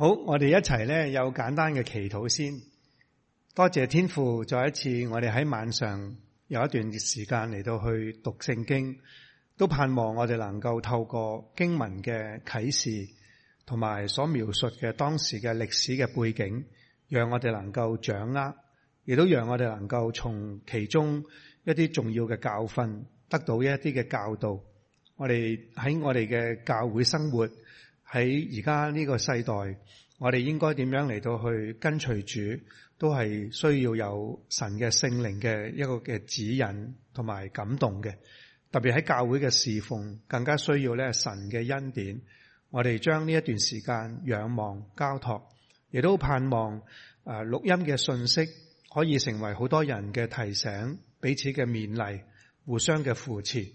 好，我哋一齊咧有簡單嘅祈禱先。多謝天父，再一次我哋喺晚上有一段時間嚟到去讀聖經，都盼望我哋能夠透過經文嘅啟示，同埋所描述嘅當時嘅歷史嘅背景，讓我哋能夠掌握，亦都讓我哋能夠從其中一啲重要嘅教訓，得到一啲嘅教導。我哋喺我哋嘅教會生活。喺而家呢個世代，我哋應該點樣嚟到去跟隨主？都係需要有神嘅聖靈嘅一個嘅指引同埋感動嘅。特別喺教會嘅侍奉，更加需要咧神嘅恩典。我哋將呢一段時間仰望交託，亦都盼望誒錄音嘅信息可以成為好多人嘅提醒，彼此嘅勉勵，互相嘅扶持。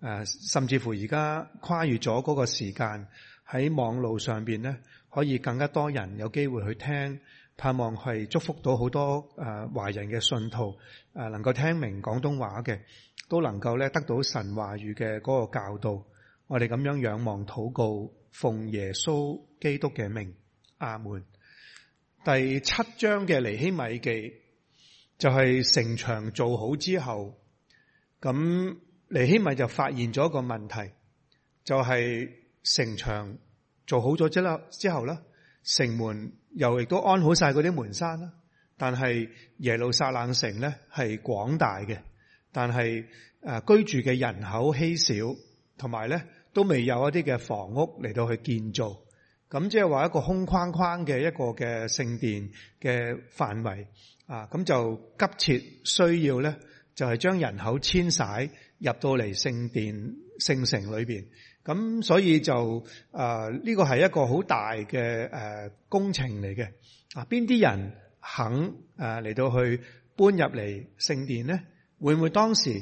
誒，甚至乎而家跨越咗嗰個時間。喺網路上邊咧，可以更加多人有機會去聽，盼望係祝福到好多誒華人嘅信徒誒，能夠聽明廣東話嘅，都能夠咧得到神話語嘅嗰個教導。我哋咁樣仰望禱告，奉耶穌基督嘅名，阿門。第七章嘅尼希米記就係、是、城牆做好之後，咁尼希米就發現咗個問題，就係、是。城牆做好咗之啦，之後咧，城門又亦都安好晒嗰啲門山啦。但係耶路撒冷城咧係廣大嘅，但係誒居住嘅人口稀少，同埋咧都未有一啲嘅房屋嚟到去建造。咁即係話一個空框框嘅一個嘅聖殿嘅範圍啊，咁就急切需要咧，就係將人口遷徙入到嚟聖殿聖城裏邊。咁所以就誒呢、呃呢個係一個好大嘅誒、呃、工程嚟嘅啊！邊啲人肯誒嚟、呃、到去搬入嚟聖殿咧？會唔會當時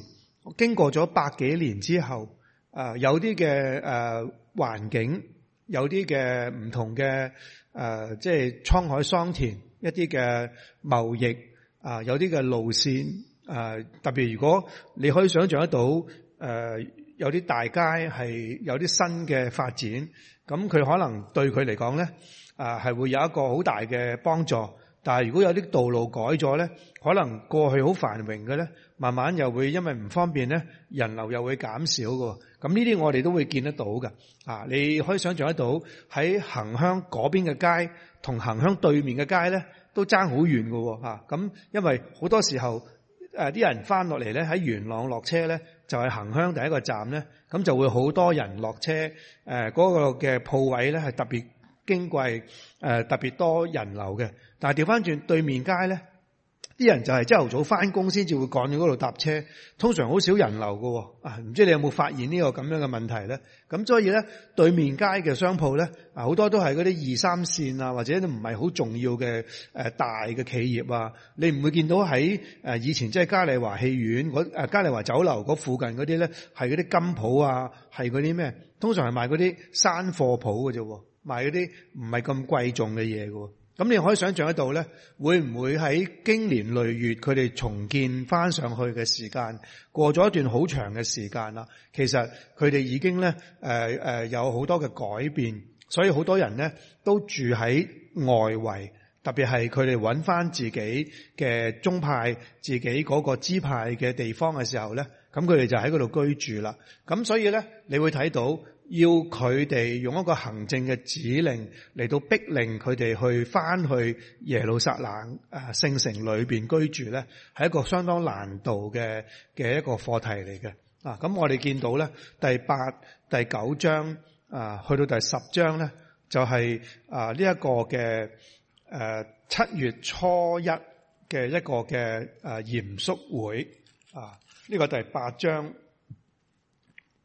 經過咗百幾年之後誒、呃、有啲嘅誒環境，有啲嘅唔同嘅誒、呃，即係滄海桑田，一啲嘅貿易啊、呃，有啲嘅路線啊、呃，特別如果你可以想象得到誒。呃有啲大街係有啲新嘅發展，咁佢可能對佢嚟講呢啊係會有一個好大嘅幫助。但係如果有啲道路改咗呢，可能過去好繁榮嘅呢，慢慢又會因為唔方便呢，人流又會減少㗎。咁呢啲我哋都會見得到㗎。啊，你可以想象得到喺恆香嗰邊嘅街，同恆香對面嘅街呢，都爭好遠㗎喎。咁因為好多時候啲人翻落嚟呢，喺元朗落車呢。就係行香第一個站呢，咁就會好多人落車，誒、呃、嗰、那個嘅鋪位呢，係特別矜貴，誒、呃、特別多人流嘅。但係調返轉對面街呢。啲人就係朝頭早翻工先至會趕去嗰度搭車，通常好少人流嘅，啊，唔知你有冇發現呢個咁樣嘅問題咧？咁所以咧，對面街嘅商鋪咧，啊，好多都係嗰啲二三線啊，或者唔係好重要嘅誒、啊、大嘅企業啊，你唔會見到喺誒、啊、以前即係嘉利華戲院嗰誒、啊、嘉利華酒樓嗰附近嗰啲咧，係嗰啲金鋪啊，係嗰啲咩？通常係賣嗰啲山貨鋪嘅啫，賣嗰啲唔係咁貴重嘅嘢嘅。咁你可以想象得到咧，會唔會喺經年累月佢哋重建翻上去嘅時間過咗一段好長嘅時間啦？其實佢哋已經咧誒、誒、有好多嘅改變，所以好多人咧都住喺外圍，特別係佢哋搵翻自己嘅宗派、自己嗰個支派嘅地方嘅時候咧，咁佢哋就喺嗰度居住啦。咁所以咧，你會睇到。要佢哋用一個行政嘅指令嚟到逼令佢哋去返去耶路撒冷啊、呃、聖城裏邊居住咧，係一個相當難度嘅嘅一個課題嚟嘅啊！咁我哋見到咧第八、第九章啊，去到第十章咧，就係、是、啊呢一、這個嘅誒、啊、七月初一嘅一個嘅誒嚴肅會啊、呢、啊這個第八章。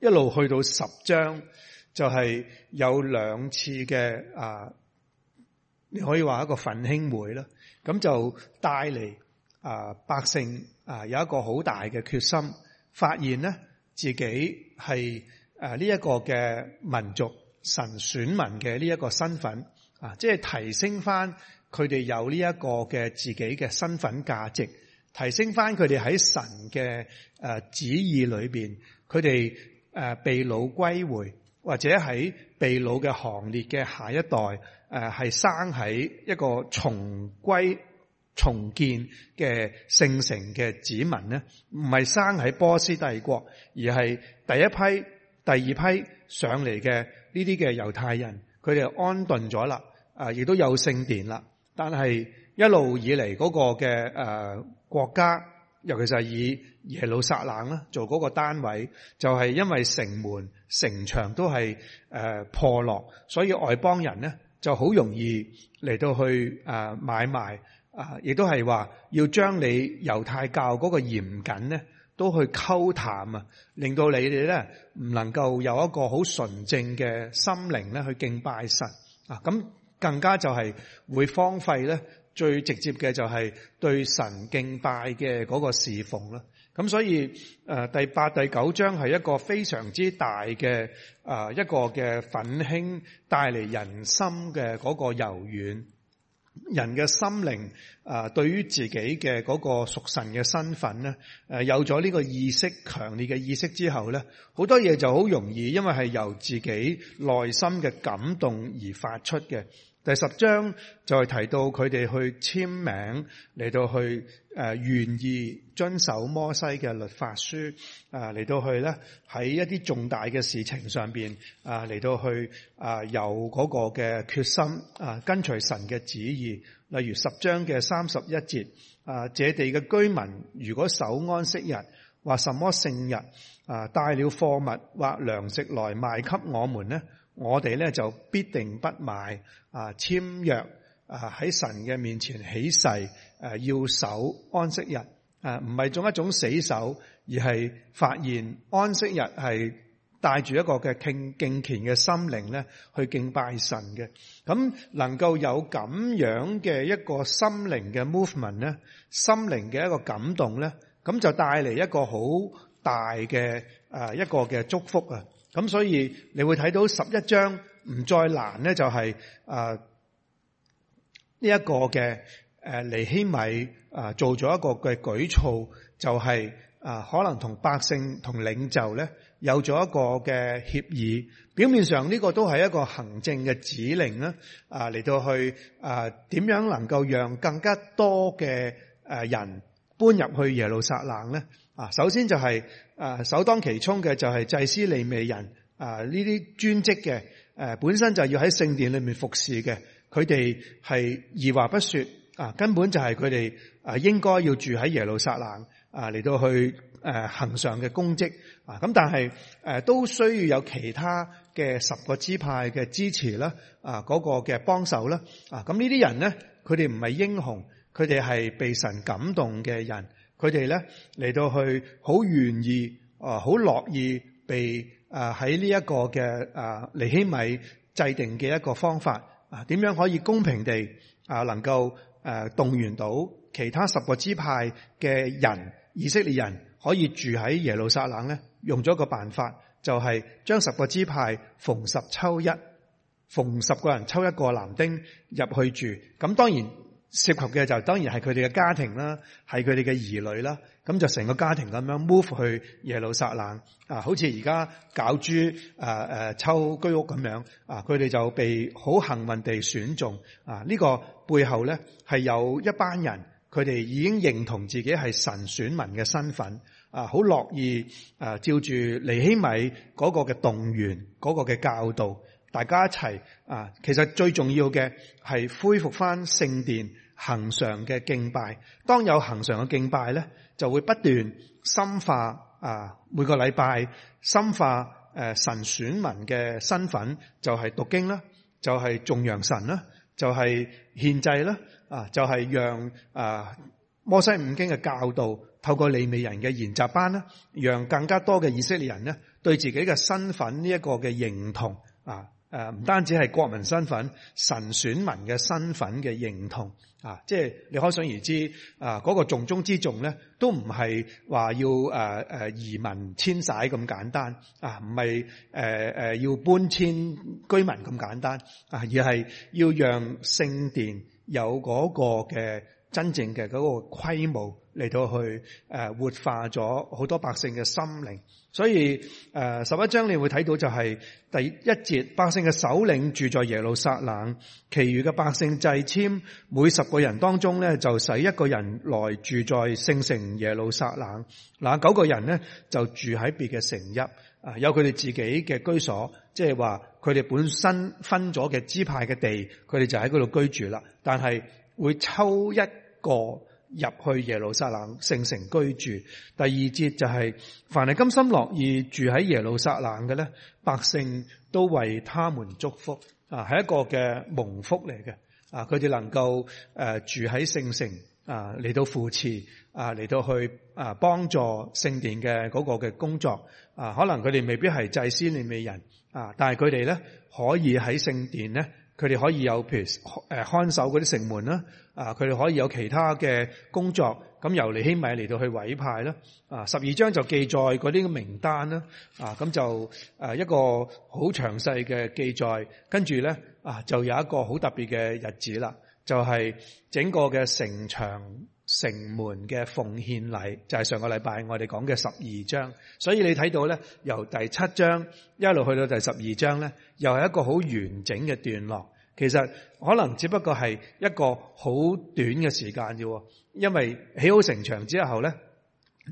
一路去到十章，就係、是、有兩次嘅啊，你可以話一個奮興會啦。咁就帶嚟啊，百姓啊有一個好大嘅決心，發現咧自己係誒呢一個嘅民族神選民嘅呢一個身份啊，即係提升翻佢哋有呢一個嘅自己嘅身份價值，提升翻佢哋喺神嘅誒旨意裏邊，佢哋。誒被擄歸回，或者喺被擄嘅行列嘅下一代，誒、呃、係生喺一個重歸重建嘅聖城嘅子民咧，唔係生喺波斯帝國，而係第一批、第二批上嚟嘅呢啲嘅猶太人，佢哋安頓咗啦，啊、呃，亦都有聖殿啦，但係一路以嚟嗰個嘅誒、呃、國家。尤其是以耶路撒冷啦，做嗰個單位，就係因為城門、城牆都係破落，所以外邦人咧就好容易嚟到去誒買賣，啊，亦都係話要將你猶太教嗰個嚴謹咧，都去溝淡啊，令到你哋咧唔能夠有一個好純正嘅心靈咧去敬拜神啊，咁更加就係會荒廢咧。最直接嘅就係對神敬拜嘅嗰個侍奉啦。咁所以、呃、第八、第九章係一個非常之大嘅、呃、一個嘅奮興，帶嚟人心嘅嗰個柔軟，人嘅心靈、呃、對於自己嘅嗰個屬神嘅身份咧、呃，有咗呢個意識強烈嘅意識之後咧，好多嘢就好容易，因為係由自己內心嘅感動而發出嘅。第十章就係提到佢哋去簽名嚟到去，誒、願、呃、意遵守摩西嘅律法書誒、嚟、啊、到去咧，喺一啲重大嘅事情上邊啊嚟到去啊有嗰個嘅決心啊跟隨神嘅旨意，例如十章嘅三十一節啊，這地嘅居民如果守安息日或什麼聖日啊，帶了貨物或糧食來賣給我們呢？我哋咧就必定不買啊，簽約啊，喺神嘅面前起誓，誒、啊，要守安息日啊，唔係一種一種死守，而係發現安息日係帶住一個嘅敬敬虔嘅心靈咧，去敬拜神嘅。咁能夠有咁樣嘅一個心靈嘅 movement 咧，心靈嘅一個感動咧，咁就帶嚟一個好大嘅誒、啊、一個嘅祝福啊！咁所以你會睇到十一章唔再難咧、就係，就係啊呢一、呢個嘅誒、啊、尼希米啊做咗一個嘅舉措，就係、係、啊可能同百姓同領袖咧有咗一個嘅協議。表面上呢個都係一個行政嘅指令啦，啊嚟到去啊點樣能夠讓更加多嘅誒人搬入去耶路撒冷咧？啊，首先就係誒首當其衝嘅就係祭司利未人啊，呢啲專職嘅誒本身就要喺聖殿裏面服侍嘅，佢哋係二話不說啊，根本就係佢哋誒應該要住喺耶路撒冷啊，嚟到去誒行上嘅公職啊咁，但係誒都需要有其他嘅十個支派嘅支持啦，啊嗰個嘅幫手啦，啊咁呢啲人咧，佢哋唔係英雄，佢哋係被神感動嘅人。佢哋咧嚟到去好願意啊，好樂意被啊喺呢一個嘅啊尼希米制定嘅一個方法啊，點樣可以公平地啊、呃、能夠、呃、動員到其他十個支派嘅人以色列人可以住喺耶路撒冷咧？用咗一個辦法就係、是、將十個支派逢十抽一，逢十個人抽一個男丁入去住。咁當然。涉及嘅就是當然係佢哋嘅家庭啦，係佢哋嘅兒女啦，咁就成個家庭咁樣 move 去耶路撒冷啊，好似而家搞住誒誒抽居屋咁樣啊，佢哋就被好幸運地選中啊，呢、這個背後咧係有一班人，佢哋已經認同自己係神選民嘅身份啊，好樂意啊照住尼希米嗰個嘅動員嗰、那個嘅教導。大家一齊啊！其實最重要嘅係恢復翻聖殿恆常嘅敬拜。當有恆常嘅敬拜咧，就會不斷深化啊！每個禮拜深化誒神選民嘅身份，就係、是、讀經啦，就係頌揚神啦，就係、是、獻祭啦，啊，就係、是、讓啊摩西五經嘅教導透過利未人嘅研習班啦，讓更加多嘅以色列人呢，對自己嘅身份呢一個嘅認同啊！誒唔單止係國民身份，神選民嘅身份嘅認同啊！即係你可想而知啊，嗰個重中之重咧，都唔係話要誒誒移民遷徙咁簡單啊，唔係誒誒要搬遷居民咁簡單啊，而係要讓聖殿有嗰個嘅真正嘅嗰個規模嚟到去誒活化咗好多百姓嘅心靈。所以，誒、呃、十一章你會睇到就係第一節，百姓嘅首領住在耶路撒冷，其餘嘅百姓祭簽。每十個人當中咧就使一個人來住在聖城耶路撒冷。嗱，九個人咧就住喺別嘅城邑，啊，有佢哋自己嘅居所，即係話佢哋本身分咗嘅支派嘅地，佢哋就喺嗰度居住啦。但係會抽一個。入去耶路撒冷聖城居住。第二節就係、是、凡係甘心樂意住喺耶路撒冷嘅咧，百姓都為他們祝福。啊，係一個嘅蒙福嚟嘅。啊，佢哋能夠誒、呃、住喺聖城啊，嚟到扶持啊，嚟到去啊幫助聖殿嘅嗰個嘅工作。啊，可能佢哋未必係祭司利未人。啊，但係佢哋咧可以喺聖殿咧。佢哋可以有譬如誒看守嗰啲城門啦，啊，佢哋可以有其他嘅工作，咁由尼希米嚟到去委派啦，啊，十二章就記載嗰啲名單啦，啊，咁就誒一個好詳細嘅記載，跟住咧啊，就有一個好特別嘅日子啦，就係整個嘅城牆。城門嘅奉獻禮就係、是、上個禮拜我哋講嘅十二章，所以你睇到咧，由第七章一路去到第十二章咧，又係一個好完整嘅段落。其實可能只不過係一個好短嘅時間啫，因為起好城牆之後咧，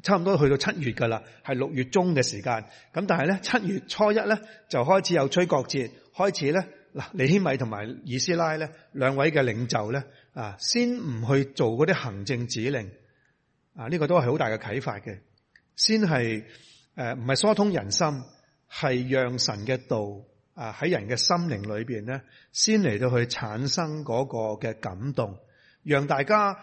差唔多去到七月噶啦，係六月中嘅時間。咁但係咧，七月初一咧就開始有吹角節，開始咧，嗱，尼希米同埋以斯拉咧兩位嘅領袖咧。啊！先唔去做嗰啲行政指令，啊、這、呢個都係好大嘅啟發嘅。先係誒唔係疏通人心，係讓神嘅道啊喺、呃、人嘅心靈裏邊咧，先嚟到去產生嗰個嘅感動，讓大家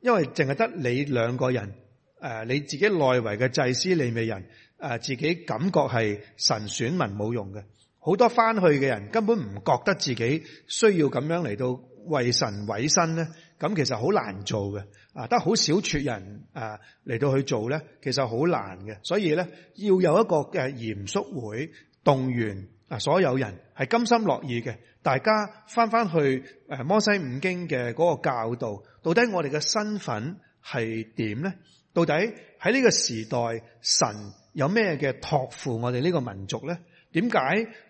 因為淨係得你兩個人誒、呃，你自己內圍嘅祭司利未人誒、呃，自己感覺係神選民冇用嘅，好多翻去嘅人根本唔覺得自己需要咁樣嚟到。為神委身咧，咁其實好難做嘅，啊，得好少撮人啊嚟到去做咧，其實好難嘅。所以咧，要有一個嘅嚴肅會動員啊所有人係甘心樂意嘅，大家翻翻去誒摩西五經嘅嗰個教導，到底我哋嘅身份係點咧？到底喺呢個時代，神有咩嘅託付我哋呢個民族咧？點解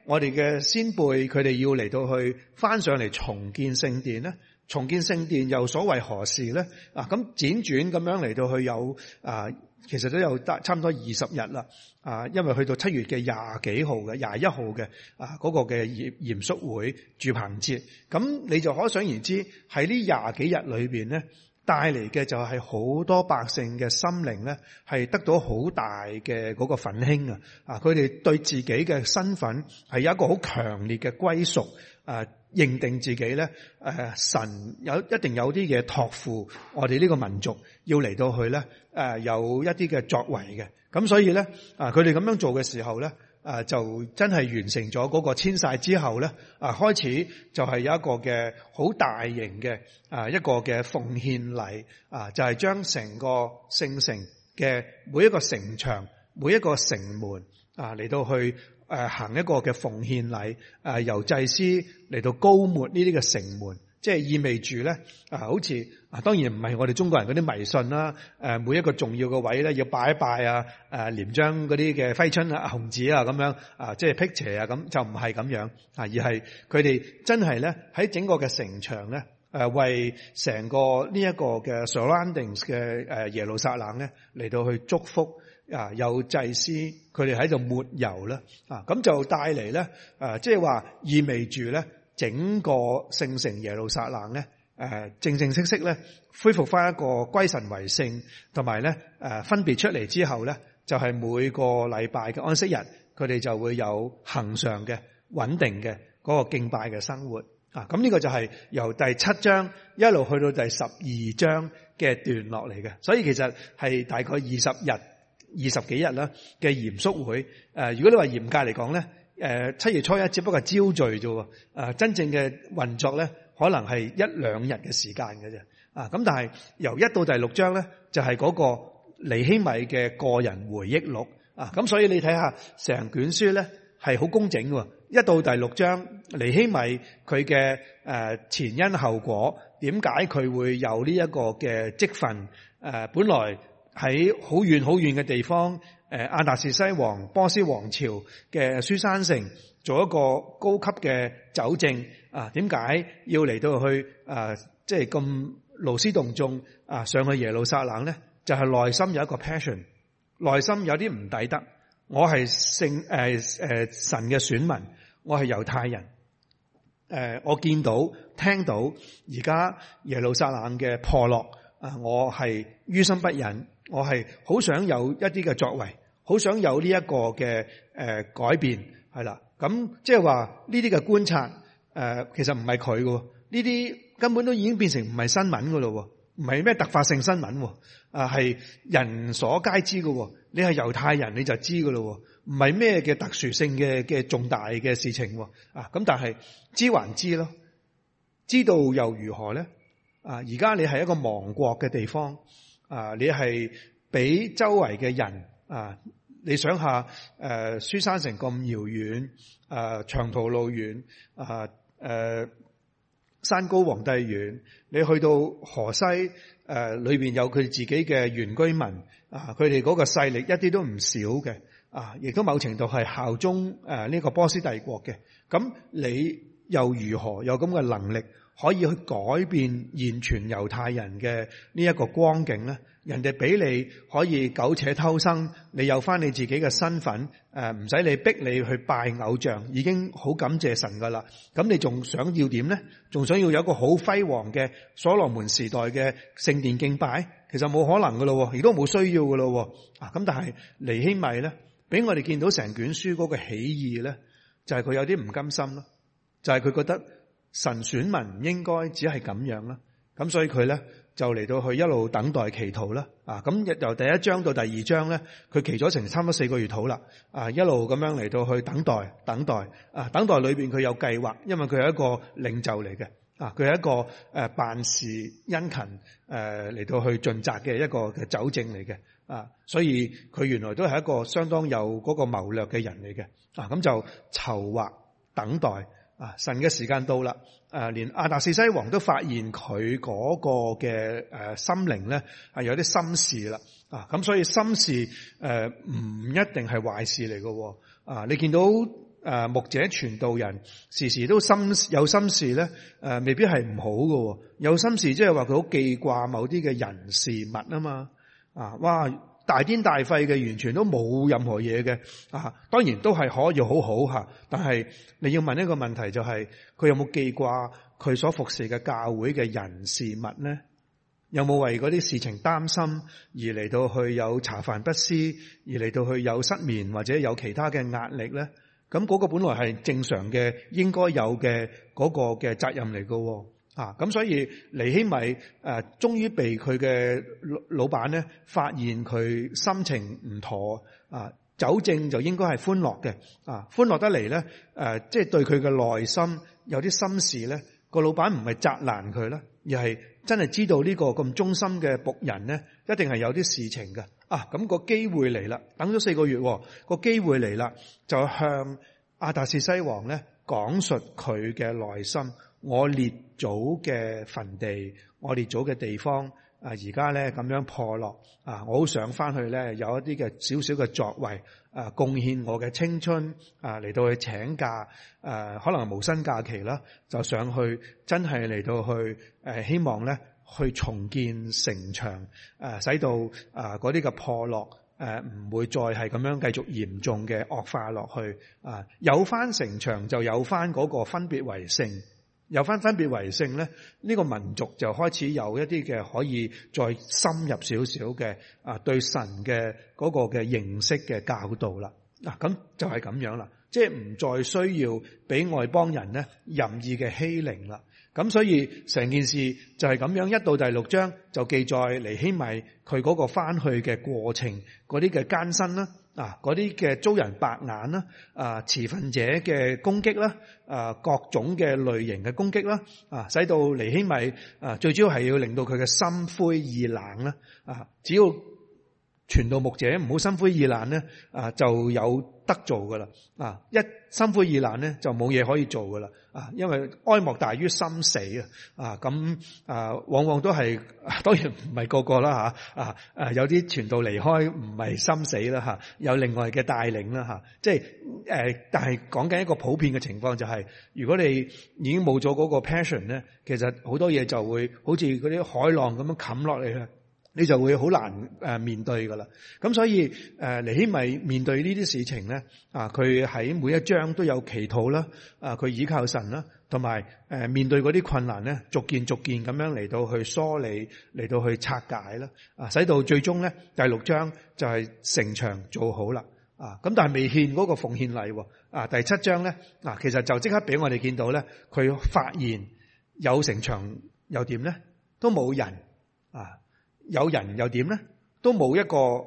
我哋嘅先輩佢哋要嚟到去翻上嚟重建聖殿呢？重建聖殿又所為何事呢？啊，咁輾轉咁樣嚟到去有啊，其實都有得差唔多二十日啦。啊，因為去到七月嘅廿幾號嘅廿一號嘅啊嗰個嘅嚴嚴肅會住棚節，咁你就可想而知喺呢廿幾日裏邊呢？帶嚟嘅就係好多百姓嘅心靈咧，係得到好大嘅嗰個奮興啊！啊，佢哋對自己嘅身份係有一個好強烈嘅歸屬，認定自己咧誒，神有一定有啲嘢托付我哋呢個民族，要嚟到去咧誒，有一啲嘅作為嘅。咁所以咧啊，佢哋咁樣做嘅時候咧。啊，就真係完成咗嗰個遷徙之後咧，啊，開始就係有一個嘅好大型嘅啊一個嘅奉獻禮啊，就係將成個聖城嘅每一個城牆、每一個城門啊嚟到去，啊，行一個嘅奉獻禮，啊，由祭司嚟到膏抹呢啲嘅城門。即係意味住咧，啊，好似啊，當然唔係我哋中國人嗰啲迷信啦，誒，每一個重要嘅位咧要拜一拜啊，誒，廉章嗰啲嘅揮春啊、紅紙啊咁樣啊，即係辟邪啊，咁就唔係咁樣啊，而係佢哋真係咧喺整個嘅城牆咧，誒，為成個呢一個嘅 surroundings 嘅耶路撒冷咧嚟到去祝福啊，有祭司佢哋喺度抹油啦，啊，咁就帶嚟咧，誒，即係話意味住咧。整個聖城耶路撒冷咧，誒，正正式式咧，恢復翻一個歸神為聖，同埋咧，誒，分別出嚟之後咧，就係每個禮拜嘅安息日，佢哋就會有恒常嘅穩定嘅嗰個敬拜嘅生活啊！咁呢個就係由第七章一路去到第十二章嘅段落嚟嘅，所以其實係大概二十日二十幾日啦嘅嚴肅會。誒，如果你話嚴格嚟講咧。誒、呃、七月初一，只不過招聚啫喎、呃，真正嘅運作咧，可能係一兩日嘅時間嘅啫。啊，咁但係由一到第六章咧，就係、是、嗰個尼希米嘅個人回憶錄。啊，咁所以你睇下成卷書咧，係好工整嘅。一到第六章，尼希米佢嘅誒前因後果，點解佢會有呢一個嘅積分？誒、呃，本來。喺好遠好遠嘅地方，誒，亞達薛西王波斯王朝嘅書珊城做一個高級嘅酒政。啊，點解要嚟到去誒，即係咁勞師動眾啊？上去耶路撒冷咧，就係、是、內心有一個 passion，內心有啲唔抵得。我係聖誒誒、呃、神嘅選民，我係猶太人。誒、呃，我見到聽到而家耶路撒冷嘅破落啊，我係於心不忍。我係好想有一啲嘅作為，好想有呢一個嘅誒改變係啦。咁即係話呢啲嘅觀察誒、呃，其實唔係佢嘅，呢啲根本都已經變成唔係新聞噶咯，唔係咩突發性新聞，啊係人所皆知嘅。你係猶太人你就知噶咯，唔係咩嘅特殊性嘅嘅重大嘅事情。啊，咁但係知還知咯，知道又如何咧？啊，而家你係一個亡國嘅地方。啊！你係俾周圍嘅人啊，你想下誒，書珊城咁遙遠，啊，長途路遠，啊，誒，山高皇帝遠，你去到河西誒裏邊有佢自己嘅原居民啊，佢哋嗰個勢力一啲都唔少嘅啊，亦都某程度係效忠誒呢個波斯帝國嘅，咁你又如何有咁嘅能力？可以去改變現存猶太人嘅呢一個光景咧，人哋俾你可以苟且偷生，你有翻你自己嘅身份，誒唔使你逼你去拜偶像，已經好感謝神噶啦。咁你仲想要點咧？仲想要有一個好輝煌嘅所羅門時代嘅聖殿敬拜？其實冇可能噶咯，亦都冇需要噶咯。啊，咁但係尼希米咧，俾我哋見到成卷書嗰個起意咧，就係佢有啲唔甘心咯，就係佢覺得。神選民應該只係咁樣啦，咁所以佢咧就嚟到去一路等待祈禱啦。啊，咁由第一章到第二章咧，佢祈咗成差唔多四個月頭啦，啊一路咁樣嚟到去等待等待，啊等待裏邊佢有計劃，因為佢係一個領袖嚟嘅。啊佢係一個誒辦事殷勤誒嚟到去盡責嘅一個嘅酒政嚟嘅。啊所以佢原來都係一個相當有嗰個謀略嘅人嚟嘅。啊咁就籌劃等待。啊！神嘅時間到啦，誒，連亞達士西王都發現佢嗰個嘅誒心靈咧係有啲心事啦，啊，咁所以心事誒唔一定係壞事嚟嘅。啊，你見到誒牧者傳道人時時都心有心事咧，誒，未必係唔好嘅，有心事即係話佢好記掛某啲嘅人事物啊嘛，啊，哇！大癲大廢嘅，完全都冇任何嘢嘅啊！當然都係可以很好好吓，但係你要問一個問題、就是，就係佢有冇記掛佢所服侍嘅教會嘅人事物呢？有冇為嗰啲事情擔心而嚟到去有茶飯不思，而嚟到去有失眠或者有其他嘅壓力呢？咁、那、嗰個本來係正常嘅，應該有嘅嗰、那個嘅責任嚟嘅、哦。啊，咁所以尼希米終於、啊、被佢嘅老老闆咧發現佢心情唔妥啊！酒政就應該係歡樂嘅啊！歡樂得嚟咧即係對佢嘅內心有啲心事咧。個老闆唔係責難佢啦，而係真係知道呢個咁忠心嘅僕人咧，一定係有啲事情嘅啊！咁、那個機會嚟啦，等咗四個月、啊那個機會嚟啦，就向亞達士西王咧講述佢嘅內心。我列祖嘅墳地，我列祖嘅地方，啊，而家咧咁樣破落啊，我好想翻去咧，有一啲嘅少少嘅作為，啊，貢獻我嘅青春，啊，嚟到去請假，誒，可能係冇薪假期啦，就上去，真係嚟到去，誒，希望咧去重建城牆，誒，使到啊嗰啲嘅破落，誒，唔會再係咁樣繼續嚴重嘅惡化落去，啊，有翻城牆就有翻嗰個分別為聖。有翻分別為聖咧，呢，呢個民族就開始有一啲嘅可以再深入少少嘅啊，對神嘅嗰個嘅認識嘅教導啦。嗱，咁就係咁樣啦，即係唔再需要俾外邦人咧任意嘅欺凌啦。咁所以成件事就係咁樣，一到第六章就記載尼希米佢嗰個翻去嘅過程嗰啲嘅艱辛啦。啊！嗰啲嘅遭人白眼啦，啊，持份者嘅攻擊啦，啊，各種嘅類型嘅攻擊啦，啊，使到尼希米啊，最主要係要令到佢嘅心灰意冷啦，啊，只要。傳道牧者唔好心灰意冷咧，啊，就有得做噶啦，啊，一心灰意冷咧，就冇嘢可以做噶啦，啊，因為哀莫大於心死啊。啊，咁啊往往都係，當然唔係個個啦吓，啊，誒有啲傳道離開唔係心死啦吓，有另外嘅帶領啦吓，即係誒，但係講緊一個普遍嘅情況就係，如果你已經冇咗嗰個 passion 咧，其實好多嘢就會好似嗰啲海浪咁樣冚落嚟嘅。你就會好難面對噶啦，咁所以誒尼希米面對呢啲事情咧，啊，佢喺每一章都有祈禱啦，啊，佢倚靠神啦，同埋面對嗰啲困難咧，逐件逐件咁樣嚟到去梳理，嚟到去拆解啦，啊，使到最終咧第六章就係城牆做好啦，啊，咁但係未獻嗰個奉獻禮喎，啊，第七章咧嗱，其實就即刻俾我哋見到咧，佢發現有城牆又點咧？都冇人啊！有人又點咧？都冇一個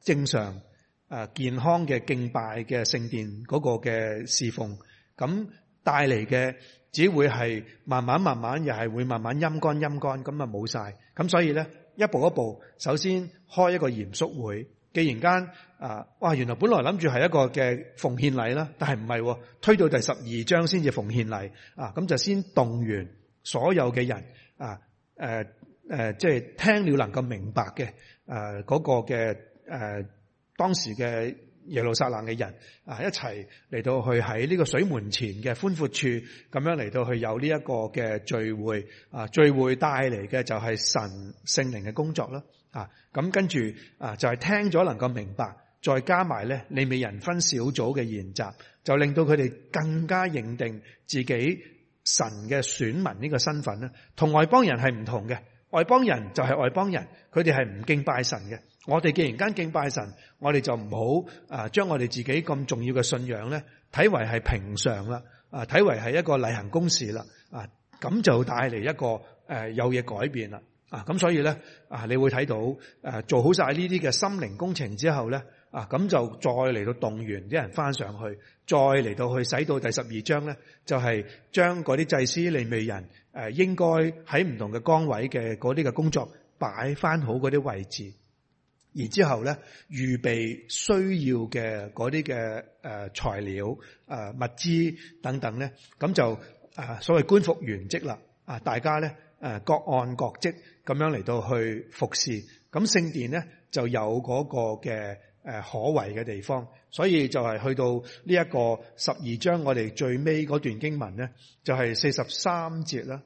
正常啊健康嘅敬拜嘅聖殿嗰個嘅侍奉，咁帶嚟嘅只會係慢慢慢慢又係會慢慢陰乾陰乾，咁啊冇曬。咁所以咧，一步一步，首先開一個嚴肅會。既然間啊，哇，原來本來諗住係一個嘅奉獻禮啦，但係唔係喎，推到第十二章先至奉獻禮啊。咁就先動員所有嘅人啊，誒，即係聽了能夠明白嘅，誒、呃、嗰、那個嘅，誒、呃、當時嘅耶路撒冷嘅人啊，一齊嚟到去喺呢個水門前嘅寬闊處，咁樣嚟到去有呢一個嘅聚會啊，聚會帶嚟嘅就係神聖靈嘅工作啦，啊，咁跟住啊就係、是、聽咗能夠明白，再加埋咧利未人分小組嘅研習，就令到佢哋更加認定自己神嘅選民呢個身份咧，同外邦人係唔同嘅。外邦人就係外邦人，佢哋係唔敬拜神嘅。我哋既然間敬拜神，我哋就唔好啊，將我哋自己咁重要嘅信仰咧，睇為係平常啦，啊，睇為係一個例行公事啦，啊，咁就帶嚟一個誒有嘢改變啦，啊，咁所以咧啊，你會睇到誒做好晒呢啲嘅心靈工程之後咧。啊，咁就再嚟到動員啲人翻上去，再嚟到去使到第十二章咧，就係將嗰啲祭司、利未人，呃、應該喺唔同嘅崗位嘅嗰啲嘅工作擺翻好嗰啲位置，然之後咧，預備需要嘅嗰啲嘅材料、呃、物資等等咧，咁就、呃、所謂官復原職啦，啊、呃、大家咧誒、呃、各按各職咁樣嚟到去服侍，咁、呃、聖殿咧就有嗰個嘅。誒，可為嘅地方，所以就係去到呢一個十二章，我哋最尾嗰段經文呢就係四十三節啦。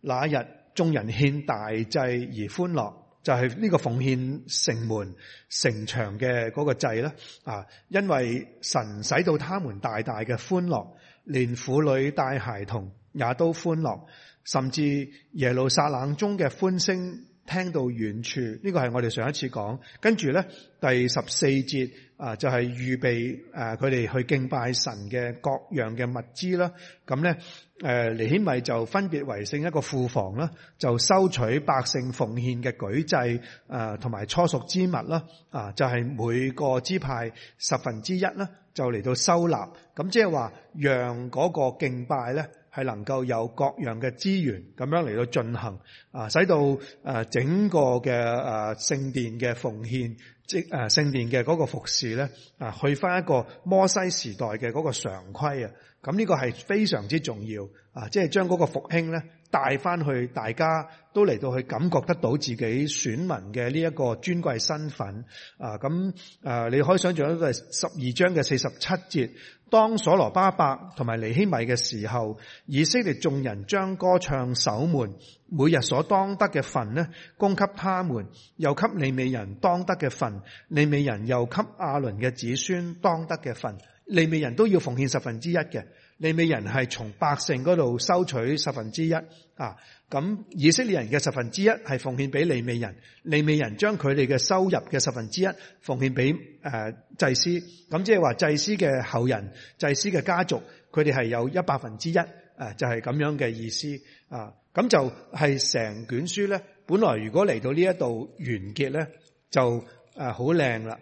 那一日眾人獻大祭而歡樂，就係呢個奉獻城門城牆嘅嗰個祭啦。啊，因為神使到他們大大嘅歡樂，連婦女帶孩童也都歡樂，甚至耶路撒冷中嘅歡聲。聽到遠處，呢、這個係我哋上一次講。跟住咧，第十四節啊，就係、是、預備誒佢哋去敬拜神嘅各樣嘅物資啦。咁咧誒，尼希米就分別為聖一個庫房啦，就收取百姓奉獻嘅舉祭誒，同、啊、埋初熟之物啦。啊，就係、是、每個支派十分之一啦，就嚟到收納。咁即係話，讓嗰個敬拜咧。係能夠有各樣嘅資源咁樣嚟到進行啊，使到誒整個嘅誒聖殿嘅奉獻，即誒聖殿嘅嗰個服侍咧啊，去翻一個摩西時代嘅嗰個常規啊，咁呢個係非常之重要啊，即係將嗰個復興咧。帶翻去，大家都嚟到去感覺得到自己選民嘅呢一個尊貴身份啊！咁啊，你可以想象一個十二章嘅四十七節，當所羅巴伯同埋尼希米嘅時候，以色列眾人將歌唱守門每日所當得嘅份呢，供給他們，又給利未人當得嘅份，利未人又給亞倫嘅子孫當得嘅份，利未人都要奉獻十分之一嘅。利未人係從百姓嗰度收取十分之一啊，咁以色列人嘅十分之一係奉獻俾利未人，利未人將佢哋嘅收入嘅十分之一奉獻俾誒、呃、祭司，咁、啊、即係話祭司嘅後人、祭司嘅家族，佢哋係有一百分之一，誒、啊、就係、是、咁樣嘅意思啊，咁就係成卷書咧，本來如果嚟到呢一度完結咧，就。啊，好靚啦！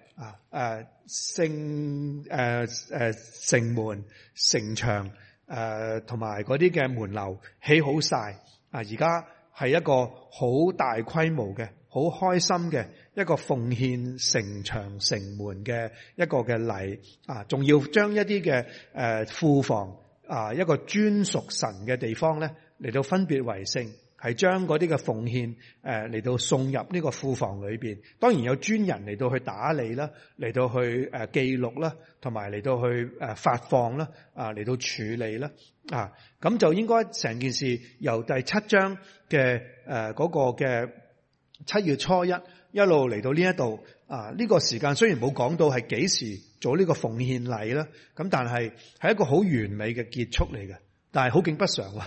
啊，聖啊啊城門、城牆同埋嗰啲嘅門樓起好曬啊！而家係一個好大規模嘅、好開心嘅一個奉獻城牆、城門嘅一個嘅禮啊！仲要將一啲嘅誒庫房啊，一個專屬神嘅地方咧，嚟到分別為聖。係將嗰啲嘅奉獻，誒、呃、嚟到送入呢個庫房裏邊。當然有專人嚟到去打理啦，嚟到去誒、呃、記錄啦，同埋嚟到去誒、呃、發放啦，啊、呃、嚟到處理啦，啊咁就應該成件事由第七章嘅誒嗰個嘅七月初一一路嚟到呢一度啊。呢、這個時間雖然冇講到係幾時做呢個奉獻禮啦，咁、啊、但係係一個好完美嘅結束嚟嘅，但係好景不常啊。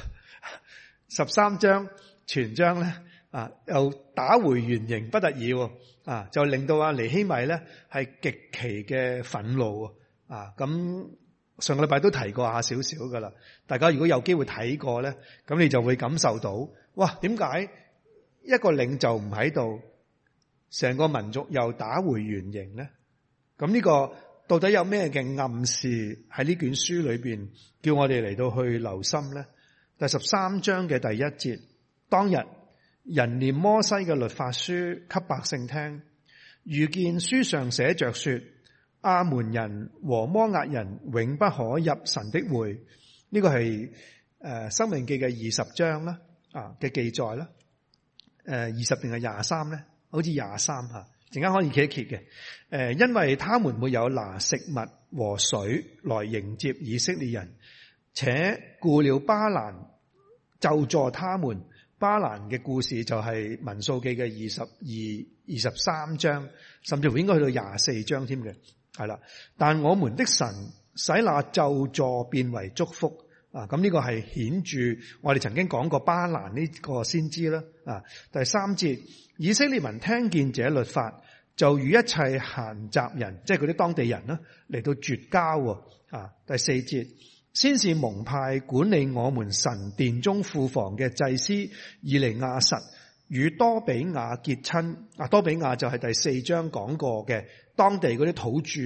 十三章全章咧啊，又打回原形不得已喎啊，就令到阿尼希米咧，係極其嘅憤怒啊！咁上個禮拜都提過一下少少噶啦，大家如果有機會睇過咧，咁你就會感受到哇，點解一個領袖唔喺度，成個民族又打回原形咧？咁呢個到底有咩嘅暗示喺呢卷書裏邊，叫我哋嚟到去留心咧？第十三章嘅第一節，當日人念摩西嘅律法書給百姓聽，遇見書上寫着說，亞捫人和摩押人永不可入神的會。呢、這個係誒《申命記》嘅二十章啦，啊嘅記載啦。誒二十定係廿三咧？好似廿三吓，陣間可以揭一揭嘅。誒，因為他們沒有拿食物和水來迎接以色列人。且僱了巴蘭咒詛他們，巴蘭嘅故事就係民數記嘅二十二、二十三章，甚至乎應該去到廿四章添嘅，係啦。但是我們的神使那咒詛變為祝福啊！咁呢個係顯著，我哋曾經講過巴蘭呢個先知啦啊。第三節，以色列民聽見這律法，就與一切閒雜人，即係嗰啲當地人啦，嚟到絕交啊。第四節。先是蒙派管理我們神殿中庫房嘅祭司以利亞實與多比亞結親，啊，多比亞就係第四章講過嘅當地嗰啲土著，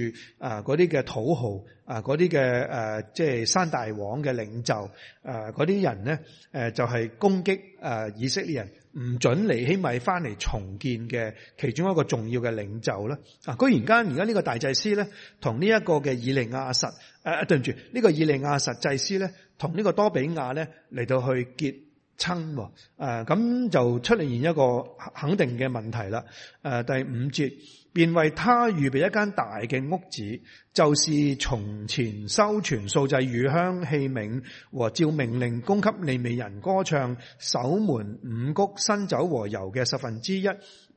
啊，嗰啲嘅土豪，啊，嗰啲嘅誒，即係山大王嘅領袖，誒，嗰啲人咧誒、啊、就係、是、攻擊誒、啊、以色列人唔准尼希米翻嚟重建嘅其中一個重要嘅領袖啦，啊，居然間而家呢個大祭司咧同呢一個嘅以利亞實。誒，對唔住，呢個以利亞實祭司咧，同呢個多比亞咧嚟到去結親，誒、啊，咁就出嚟現一個肯定嘅問題啦。誒、啊，第五節便為他預備一間大嘅屋子，就是從前收存素祭、乳香、器皿和照命令供給利未人歌唱、守門、五穀、新酒和油嘅十分之一，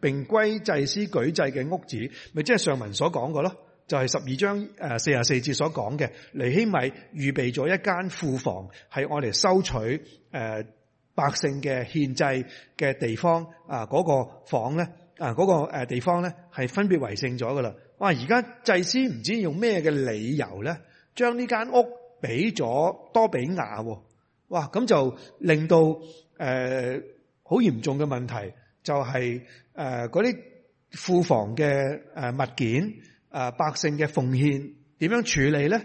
並歸祭司舉祭嘅屋子，咪即係上文所講過咯。就係、是、十二章誒、呃、四十四節所講嘅，尼希米預備咗一間庫房，係我哋收取誒、呃、百姓嘅獻制嘅地方啊，嗰、呃那個房咧啊嗰個誒、呃、地方咧係分別為聖咗噶啦。哇！而家祭司唔知用咩嘅理由咧，將呢間屋俾咗多比雅。哇！咁就令到誒好、呃、嚴重嘅問題，就係誒嗰啲庫房嘅誒、呃、物件。啊！百姓嘅奉獻點樣處理咧？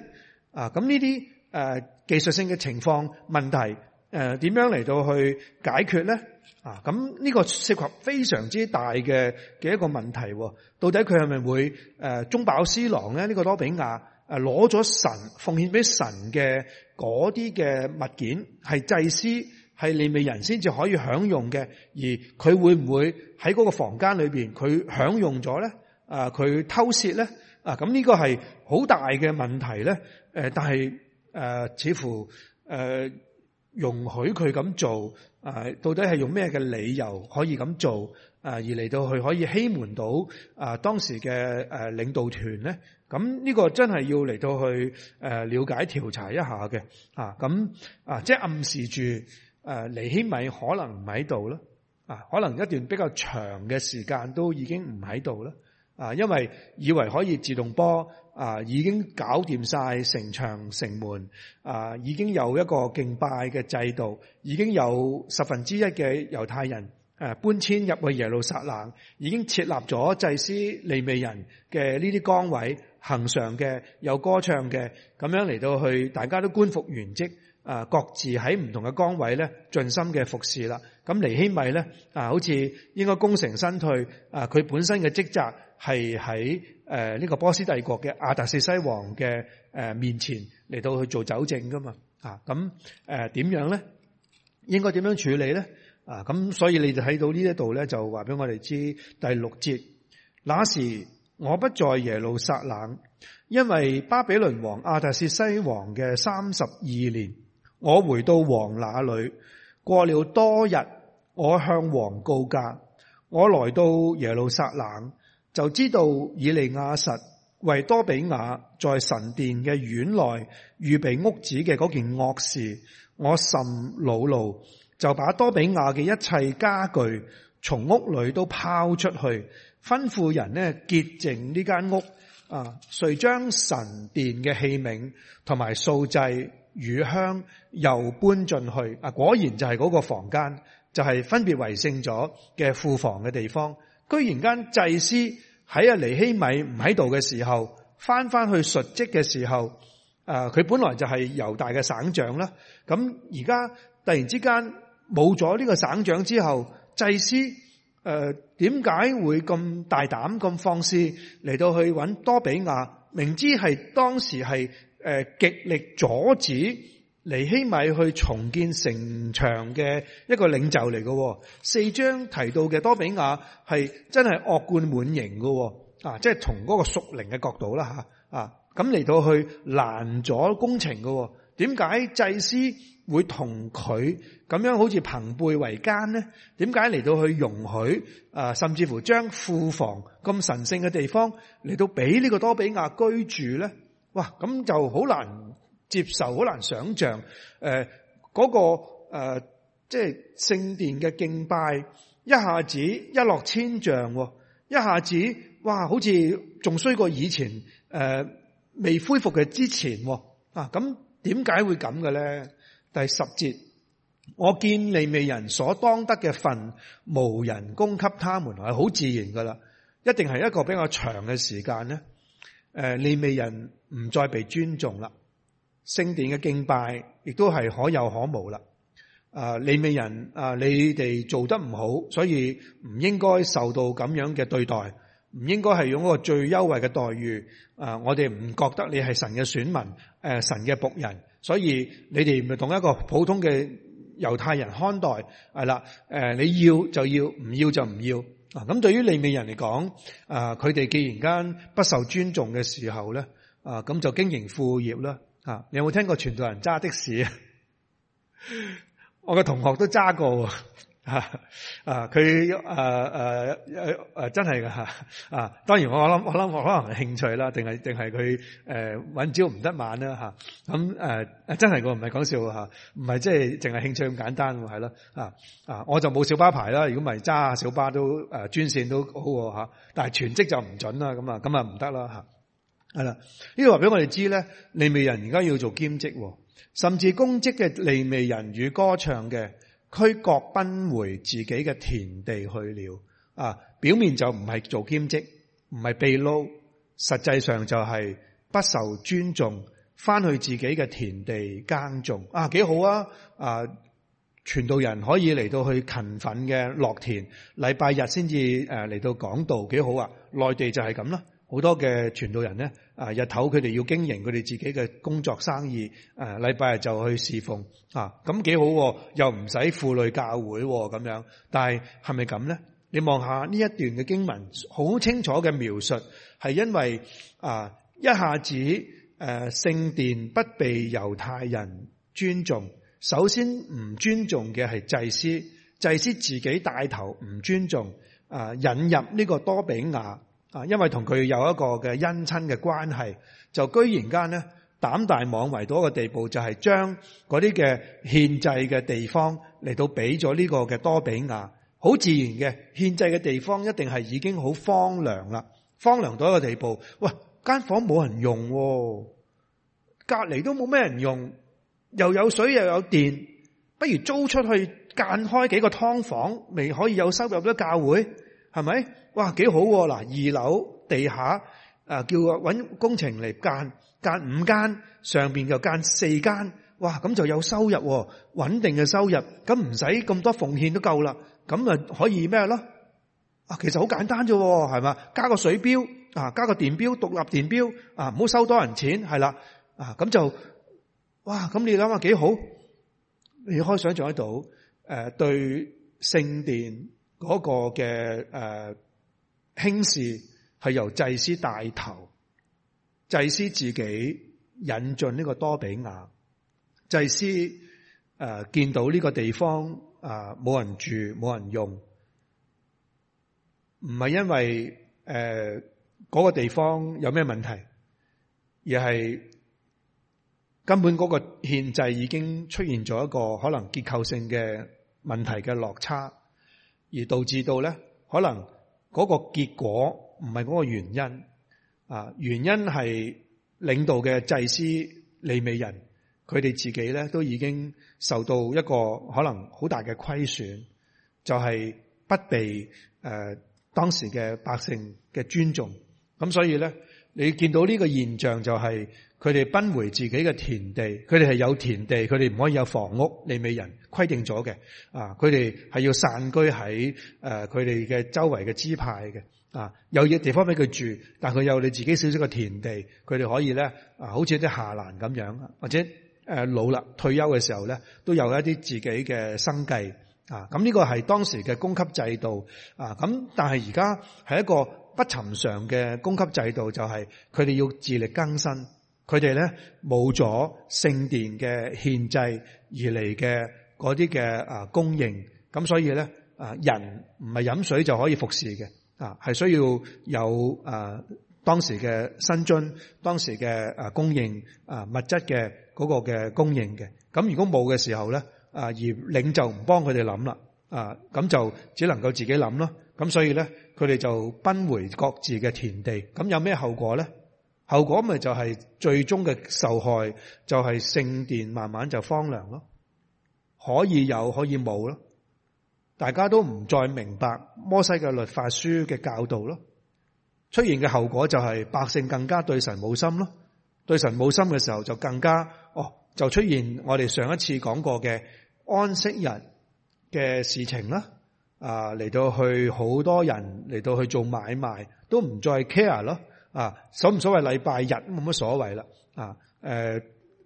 啊咁呢啲誒技術性嘅情況問題誒點、啊、樣嚟到去解決咧？啊咁呢、啊這個涉及非常之大嘅嘅一個問題喎、啊。到底佢係咪會誒、啊、中飽私囊咧？呢、這個多比亞誒攞咗神奉獻俾神嘅嗰啲嘅物件係祭司係利未人先至可以享用嘅，而佢會唔會喺嗰個房間裏面佢享用咗咧？啊佢偷竊咧？啊，咁、這、呢個係好大嘅問題咧。誒，但係誒、呃，似乎誒、呃、容許佢咁做、啊、到底係用咩嘅理由可以咁做、啊、而嚟到去可以欺瞞到啊當時嘅誒、啊、領導團咧？咁、啊、呢、這個真係要嚟到去誒了解、啊、調查一下嘅。啊，咁啊，即係暗示住誒尼希米可能唔喺度啦。啊，可能一段比較長嘅時間都已經唔喺度啦。啊，因為以為可以自動波，啊已經搞掂晒城牆、城門，啊已經有一個敬拜嘅制度，已經有十分之一嘅猶太人誒搬遷入去耶路撒冷，已經設立咗祭司、利未人嘅呢啲崗位，恆常嘅有歌唱嘅，咁樣嚟到去大家都官復原職，啊各自喺唔同嘅崗位咧盡心嘅服侍啦。咁尼希米咧啊，好似應該功成身退，啊佢本身嘅職責。係喺誒呢個波斯帝國嘅亞達薛西王嘅誒面前嚟到去做酒政噶嘛？啊咁誒點樣咧？應該點樣處理咧？啊咁，所以你就睇到呢一度咧，就話俾我哋知第六節。那時我不在耶路撒冷，因為巴比倫王亞達薛西王嘅三十二年，我回到王那裏。過了多日，我向王告假。我來到耶路撒冷。就知道以利亞實為多比亞在神殿嘅院內預備屋子嘅嗰件惡事，我甚惱怒，就把多比亞嘅一切家具從屋裏都拋出去，吩咐人呢潔淨呢間屋啊，遂將神殿嘅器皿同埋素祭乳香又搬進去啊，果然就係嗰個房間，就係、是、分別為聖咗嘅庫房嘅地方。居然間祭司喺阿尼希米唔喺度嘅時候，翻翻去述職嘅時候，誒、呃，佢本來就係猶大嘅省長啦。咁而家突然之間冇咗呢個省長之後，祭司誒，點解、呃、會咁大膽、咁放肆嚟到去搵多比亞？明知係當時係誒極力阻止。尼希米去重建城牆嘅一個領袖嚟嘅，四章提到嘅多比亞係真係惡貫滿盈嘅，啊，即係從嗰個屬靈嘅角度啦吓，啊，咁嚟到去攔阻工程嘅，點解祭司會同佢咁樣好似朋輩為奸咧？點解嚟到去容許啊，甚至乎將庫房咁神聖嘅地方嚟到俾呢個多比亞居住咧？哇，咁就好難。接受好難想象，誒嗰個誒，即係聖殿嘅敬拜，一下子一落千丈，一下子哇，好似仲衰過以前誒未恢復嘅之前啊。咁點解會咁嘅咧？第十節，我見利未人所當得嘅份，無人供給他們，係好自然噶啦。一定係一個比較長嘅時間咧。誒，利未人唔再被尊重啦。聖典嘅敬拜亦都係可有可無啦。啊，利美人啊，你哋做得唔好，所以唔應該受到咁樣嘅對待，唔應該係用一個最優惠嘅待遇。啊，我哋唔覺得你係神嘅選民，誒，神嘅僕人，所以你哋唔咪同一個普通嘅猶太人看待係啦。誒，你要就要，唔要就唔要。啊，咁對於利美人嚟講，啊，佢哋既然間不受尊重嘅時候咧，啊，咁就經營副業啦。啊！你有冇聽過全道人揸的士啊？我個同學都揸過，啊啊佢真係噶吓啊！當然我諗我諗我可能係興趣啦，定係定係佢誒揾招唔得晚啦吓。咁誒真係噶，唔係講笑吓，唔係即係淨係興趣咁簡單係咯。啊啊，我就冇小巴牌啦。如果唔係揸小巴都誒專線都好吓，但係全職就唔准啦。咁啊咁啊唔得啦吓。係啦，呢個話俾我哋知咧，利未人而家要做兼職，甚至公職嘅利未人與歌唱嘅區各奔回自己嘅田地去了啊！表面就唔係做兼職，唔係被擄，實際上就係不受尊重，翻去自己嘅田地耕種啊！幾好啊！啊，傳道人可以嚟到去勤奮嘅落田，禮拜日先至誒嚟到講道，幾好啊！內地就係咁啦。好多嘅傳道人咧，啊，日頭佢哋要經營佢哋自己嘅工作生意，誒，禮拜日就去侍奉，啊，咁幾好，又唔使負累教會咁樣。但係係咪咁咧？你望下呢一段嘅經文，好清楚嘅描述，係因為啊，一下子誒，聖殿不被猶太人尊重。首先唔尊重嘅係祭司，祭司自己帶頭唔尊重，啊，引入呢個多比亞。啊，因為同佢有一個嘅姻親嘅關係，就居然間咧膽大妄為到一個地步，就係將嗰啲嘅獻祭嘅地方嚟到俾咗呢個嘅多比亞。好自然嘅獻祭嘅地方一定係已經好荒涼啦，荒涼到一個地步。喂，間房冇人用，啊，隔籬都冇咩人用，又有水又有電，不如租出去間開幾個劏房，未可以有收入咗教會？係咪？哇，幾好嗱！二樓地下誒，叫搵工程嚟間間五間，上邊就間四間。哇，咁就有收入，穩定嘅收入。咁唔使咁多奉獻都夠啦。咁咪，可以咩咯？啊，其實好簡單啫，係嘛？加個水表啊，加個電表，獨立電表啊，唔好收多人錢係啦。啊，咁就哇，咁你諗下幾好？你可以想象得到誒，對聖殿。嗰、那個嘅誒輕視係由祭司帶頭，祭司自己引進呢個多比亞，祭司誒、啊、見到呢個地方啊，冇人住冇人用，唔係因為誒嗰、啊那個地方有咩問題，而係根本嗰個憲制已經出現咗一個可能結構性嘅問題嘅落差。而導致到咧，可能嗰個結果唔係嗰個原因啊，原因係領導嘅祭司利未人，佢哋自己咧都已經受到一個可能好大嘅虧損，就係不被誒當時嘅百姓嘅尊重。咁所以咧，你見到呢個現象就係、是。佢哋奔回自己嘅田地，佢哋係有田地，佢哋唔可以有房屋。利未人規定咗嘅，啊，佢哋係要散居喺誒佢哋嘅周圍嘅支派嘅，啊，有嘢地方俾佢住，但佢有你自己少少嘅田地，佢哋可以咧，啊，好似啲下欄咁樣，或者誒老啦退休嘅時候咧，都有一啲自己嘅生計啊，咁呢個係當時嘅供給制度，啊，咁但係而家係一個不尋常嘅供給制度，就係佢哋要自力更生。佢哋咧冇咗聖殿嘅獻祭而嚟嘅嗰啲嘅啊供應，咁所以咧啊人唔係飲水就可以服侍嘅啊，係需要有啊當時嘅薪津，當時嘅啊供應啊物質嘅嗰個嘅供應嘅。咁如果冇嘅時候咧啊而領袖唔幫佢哋諗啦啊，咁就只能夠自己諗咯。咁所以咧佢哋就奔回各自嘅田地。咁有咩後果咧？後果咪就係最終嘅受害就係聖殿慢慢就荒涼咯，可以有可以冇咯，大家都唔再明白摩西嘅律法書嘅教導咯，出現嘅後果就係百姓更加對神冇心咯，對神冇心嘅時候就更加哦就出現我哋上一次講過嘅安息日嘅事情啦，啊嚟到去好多人嚟到去做買賣都唔再 care 咯。啊，所唔所謂禮拜日都冇乜所謂啦。啊，誒、呃、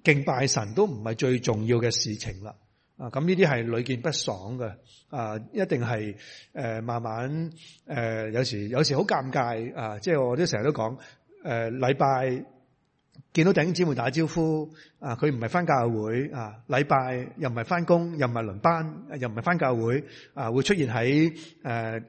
敬拜神都唔係最重要嘅事情啦。啊，咁呢啲係屢見不爽嘅。啊，一定係誒、呃、慢慢誒、呃，有時有時好尷尬啊。即係我都成日都講誒禮拜。見到弟兄姊妹打招呼，啊，佢唔係返教會啊，禮拜又唔係返工，又唔係輪班，又唔係返教會，啊，會出現喺誒誒，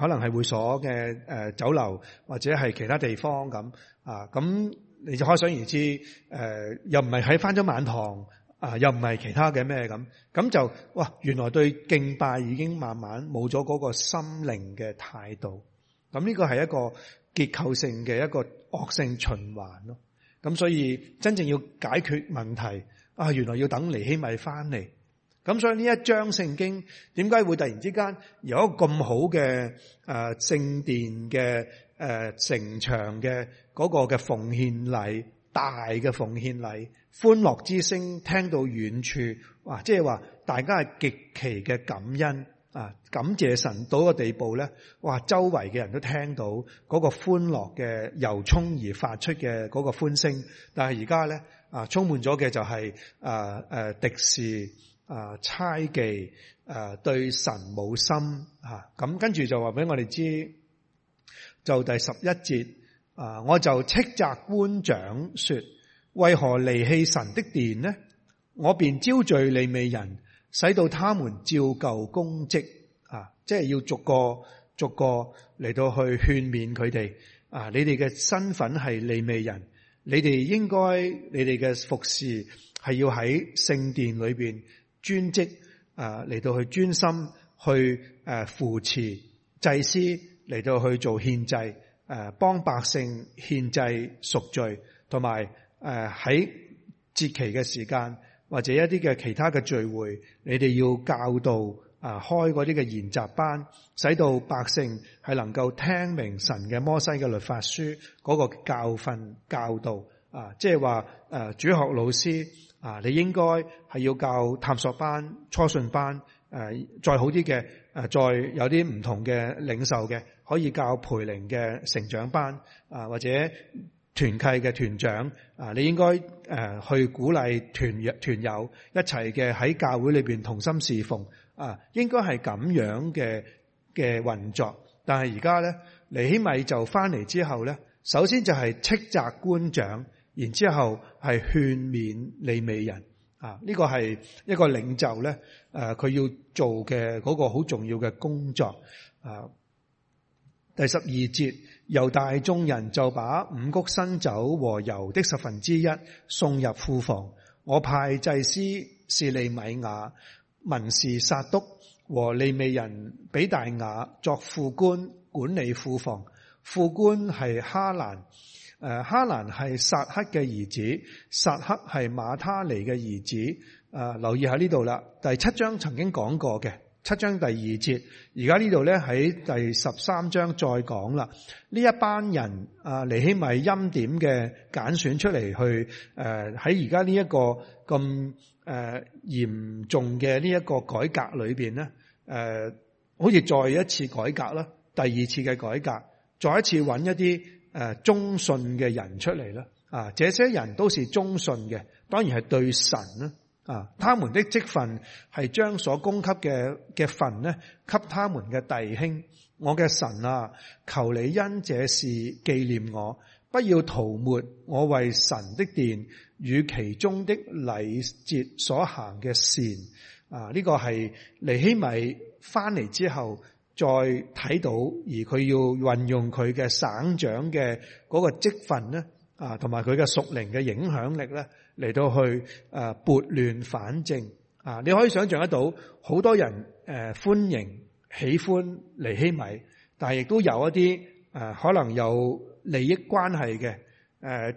可能係會所嘅誒酒樓，或者係其他地方咁，啊，咁、啊、你就可想而知，誒、啊，又唔係喺返咗晚堂，啊，又唔係其他嘅咩咁，咁、啊、就哇，原來對敬拜已經慢慢冇咗嗰個心靈嘅態度，咁呢個係一個結構性嘅一個惡性循環咯。咁所以真正要解決問題啊，原來要等尼希米翻嚟。咁所以呢一章聖經點解會突然之間有一個咁好嘅誒、呃、聖殿嘅、呃、城牆嘅嗰個嘅奉獻禮，大嘅奉獻禮，歡樂之聲聽到遠處，哇！即係話大家係極其嘅感恩。啊！感謝神到個地步咧，哇！周圍嘅人都聽到嗰個歡樂嘅由衷而發出嘅嗰個歡聲。但係而家咧啊，充滿咗嘅就係、是、啊，啊敵視啊猜忌誒、啊、對神冇心嚇。咁、啊、跟住就話俾我哋知，就第十一節啊，我就斥責官長，說，為何離棄神的殿呢？我便招聚利未人。使到他們照舊供職啊，即係要逐個逐個嚟到去勸勉佢哋啊！你哋嘅身份係利未人，你哋應該你哋嘅服侍係要喺聖殿裏邊專職啊，嚟到去專心去誒扶持祭司嚟到去做獻祭誒、啊，幫百姓獻祭贖罪，同埋誒喺節期嘅時間。或者一啲嘅其他嘅聚會，你哋要教導啊，開嗰啲嘅研習班，使到百姓係能夠聽明神嘅摩西嘅律法書嗰個教訓教導啊，即係話、啊、主學老師啊，你應該係要教探索班、初信班、啊、再好啲嘅、啊、再有啲唔同嘅領受嘅，可以教培靈嘅成長班啊，或者。團契嘅團長啊，你應該誒去鼓勵團團友一齊嘅喺教會裏邊同心侍奉啊，應該係咁樣嘅嘅運作。但係而家咧，尼希米就翻嚟之後咧，首先就係斥責官長，然之後係勸勉利未人啊，呢、這個係一個領袖咧誒，佢、啊、要做嘅嗰個好重要嘅工作啊。第十二節。由大眾人就把五穀新酒和油的十分之一送入庫房。我派祭司示利米雅、文士撒督和利未人比大雅作副官管理庫房。副官係哈蘭，誒，哈蘭係撒克嘅兒子，撒克係馬他尼嘅兒子。誒、呃，留意下呢度啦，第七章曾經講過嘅。七章第二節，而家呢度咧喺第十三章再講啦。呢一班人啊，嚟起碼欽點嘅揀選出嚟去，誒喺而家呢一個咁誒、呃、嚴重嘅呢一個改革裏邊咧，誒、呃、好似再一次改革啦，第二次嘅改革，再一次揾一啲誒忠信嘅人出嚟啦。啊，這些人都是忠信嘅，當然係對神啦。啊！他們的職分係將所供給嘅嘅份呢，給他們嘅弟兄。我嘅神啊，求你因這事紀念我，不要塗抹我為神的殿與其中的禮節所行嘅善。啊！呢、呢個係尼希米翻嚟之後再睇到，而佢要運用佢嘅省長嘅嗰個職分咧，啊，同埋佢嘅屬靈嘅影響力咧。嚟到去誒撥亂反正啊！你可以想象得到，好多人誒歡迎喜歡尼希米，但係亦都有一啲誒可能有利益關係嘅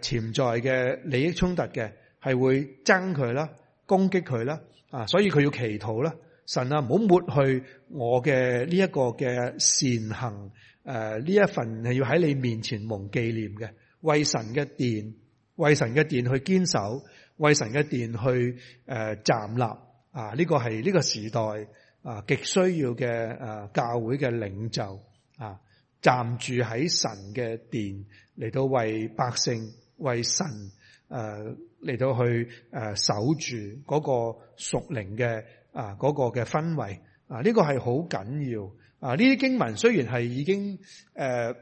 誒潛在嘅利益衝突嘅，係會憎佢啦，攻擊佢啦啊！所以佢要祈禱啦，神啊唔好抹去我嘅呢一個嘅善行，誒呢一份係要喺你面前蒙紀念嘅，為神嘅殿。為神嘅殿去堅守，為神嘅殿去誒站立啊！呢、這個係呢個時代啊極需要嘅誒、啊、教會嘅領袖啊，站住喺神嘅殿嚟到為百姓為神誒嚟、啊、到去誒守住嗰個屬靈嘅啊嗰、那個嘅氛圍啊！呢、這個係好緊要啊！呢啲經文雖然係已經誒、啊、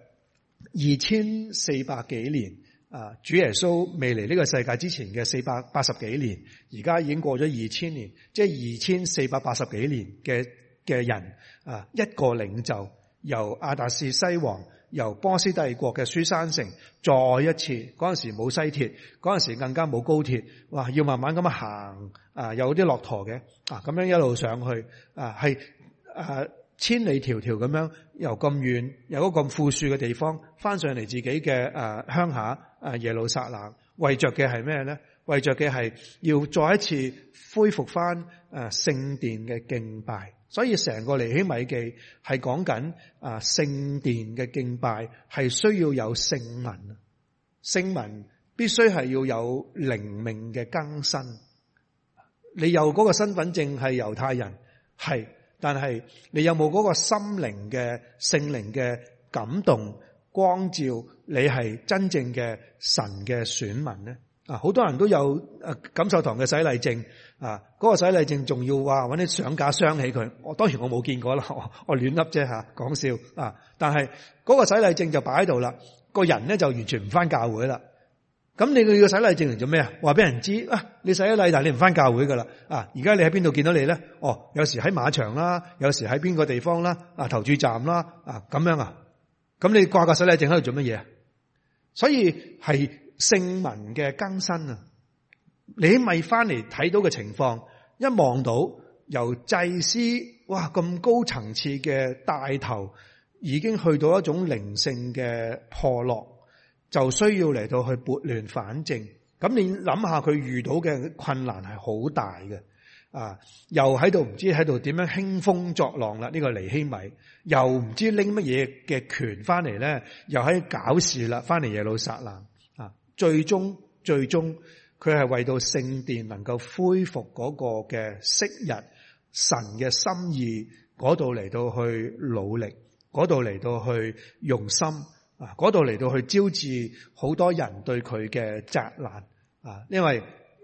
二千四百幾年。啊！主耶穌未嚟呢個世界之前嘅四百八十幾年，而家已經過咗二千年，即係二千四百八十幾年嘅嘅人啊！一個領袖由亞達薛西王，由波斯帝國嘅書珊城，再一次嗰陣時冇西鐵，嗰陣時更加冇高鐵，哇！要慢慢咁行啊，有啲駱駝嘅啊，咁樣一路上去係啊，係啊。千里迢迢咁樣，由咁遠，由一個咁富庶嘅地方翻上嚟自己嘅誒鄉下誒耶路撒冷，為着嘅係咩咧？為着嘅係要再一次恢復翻誒聖殿嘅敬拜。所以成個尼希米記係講緊誒聖殿嘅敬拜係需要有聖民，聖民必須係要有靈命嘅更新。你有嗰個身份證係猶太人，係。但係你有冇嗰個心靈嘅聖靈嘅感動光照？你係真正嘅神嘅選民咧？啊，好多人都有誒，感受堂嘅洗禮證啊，嗰、啊那個洗禮證仲要話揾啲相架鑲起佢。我當然我冇見過啦，我亂笠啫吓，講、啊、笑啊。但係嗰個洗禮證就擺喺度啦，個人咧就完全唔返教會啦。咁你要個洗禮證嚟做咩啊？話俾人知啊！你洗咗禮，但係你唔翻教會噶啦啊！而家你喺邊度見到你咧？哦，有時喺馬場啦，有時喺邊個地方啦，啊投注站啦，啊咁、啊、樣啊！咁你掛個洗禮證喺度做乜嘢啊？所以係聖民嘅更新啊！你咪翻嚟睇到嘅情況，一望到由祭司哇咁高層次嘅帶頭，已經去到一種靈性嘅破落。就需要嚟到去撥亂反正，咁你諗下佢遇到嘅困難係好大嘅，啊，又喺度唔知喺度點樣興風作浪啦？呢個尼希米又唔知拎乜嘢嘅權翻嚟咧，又喺搞事啦，翻嚟耶路撒冷啊，最終最終佢係為到聖殿能夠恢復嗰個嘅昔日神嘅心意嗰度嚟到去努力，嗰度嚟到去用心。啊！嗰度嚟到去招致好多人對佢嘅責難啊，因為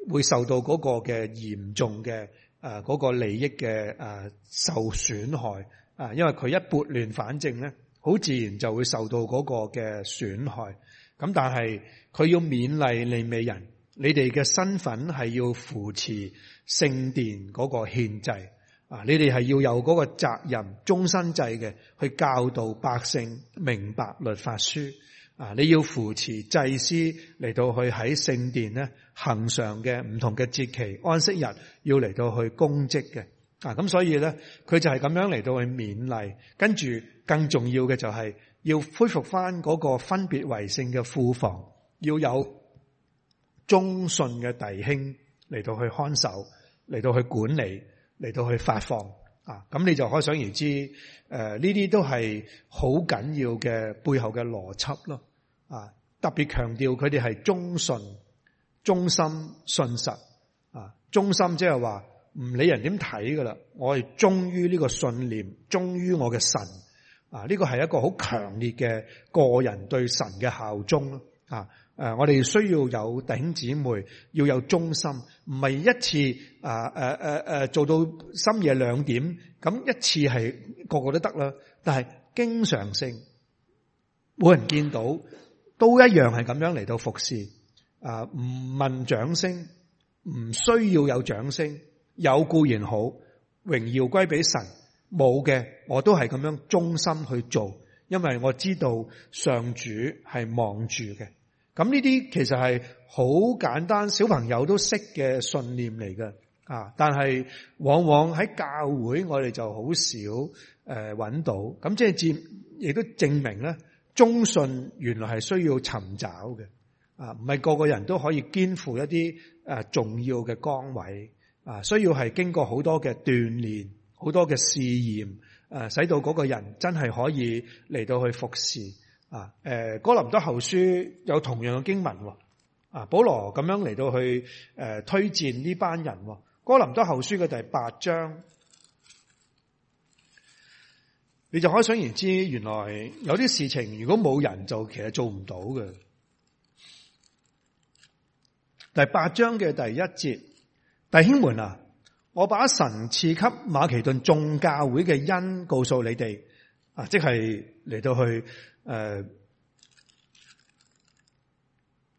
會受到嗰個嘅嚴重嘅啊、嗰個利益嘅啊受損害啊，因為佢一撥亂反正咧，好自然就會受到嗰個嘅損害。咁但係佢要勉勵利未人，你哋嘅身份係要扶持聖殿嗰個憲制。啊！你哋係要有嗰個責任，終身制嘅去教導百姓明白律法書。啊！你要扶持祭司嚟到去喺聖殿咧，恆常嘅唔同嘅節期安息日要嚟到去供職嘅。啊！咁所以咧，佢就係咁樣嚟到去勉勵，跟住更重要嘅就係要恢復翻嗰個分別為聖嘅庫房，要有忠信嘅弟兄嚟到去看守，嚟到去管理。嚟到去發放啊，咁你就可想而知，誒呢啲都係好緊要嘅背後嘅邏輯咯，啊，特別強調佢哋係忠信、忠心、信實啊，忠心即係話唔理人點睇㗎喇，我係忠於呢個信念，忠於我嘅神啊，呢個係一個好強烈嘅個人對神嘅效忠咯，啊。誒，我哋需要有弟兄姊妹，要有忠心，唔係一次啊，誒誒誒，做到深夜兩點，咁一次係個個都得啦。但係經常性，冇人見到，都一樣係咁樣嚟到服侍，啊、呃，唔問掌聲，唔需要有掌聲，有固然好，榮耀歸俾神。冇嘅，我都係咁樣忠心去做，因為我知道上主係望住嘅。咁呢啲其實係好簡單，小朋友都識嘅信念嚟嘅啊！但係往往喺教會，我哋就好少誒揾到。咁即係亦都證明咧，忠信原來係需要尋找嘅啊！唔係個個人都可以肩負一啲誒重要嘅崗位啊，需要係經過好多嘅鍛煉、好多嘅試驗誒，使到嗰個人真係可以嚟到去服侍。啊，誒，《哥林多後書》有同樣嘅經文啊，啊，保羅咁樣嚟到去誒、啊、推薦呢班人、啊，啊《哥林多後書》嘅第八章，你就可以想而知，原來有啲事情如果冇人就其實做唔到嘅。第八章嘅第一節，弟兄們啊，我把神賜給馬其頓眾教會嘅恩告訴你哋，啊，即係嚟到去。誒、呃，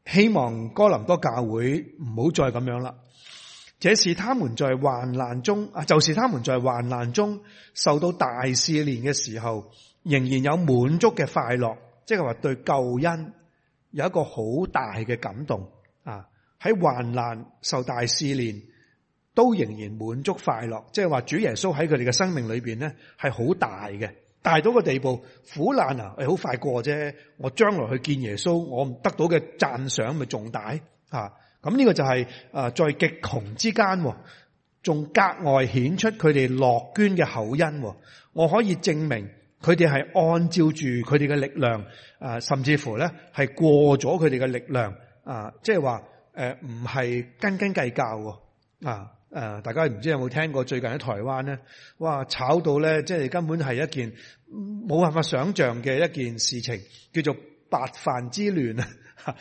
希望哥林多教會唔好再咁樣啦。這是他們在患難中啊，就是他們在患難中受到大試煉嘅時候，仍然有滿足嘅快樂，即係話對救恩有一個好大嘅感動啊！喺患難受大試煉，都仍然滿足快樂，即係話主耶穌喺佢哋嘅生命裏邊咧，係好大嘅。大到個地步，苦難啊，係、哎、好快過啫。我將來去見耶穌，我得到嘅讚賞咪重大啊？咁、這、呢個就係在極窮之間，仲格外顯出佢哋樂捐嘅口音。我可以證明佢哋係按照住佢哋嘅力量、啊、甚至乎咧係過咗佢哋嘅力量啊，即係話誒唔係斤斤計較啊。誒，大家唔知有冇聽過最近喺台灣咧，哇，炒到咧，即係根本係一件冇辦法想像嘅一件事情，叫做白飯之亂啊！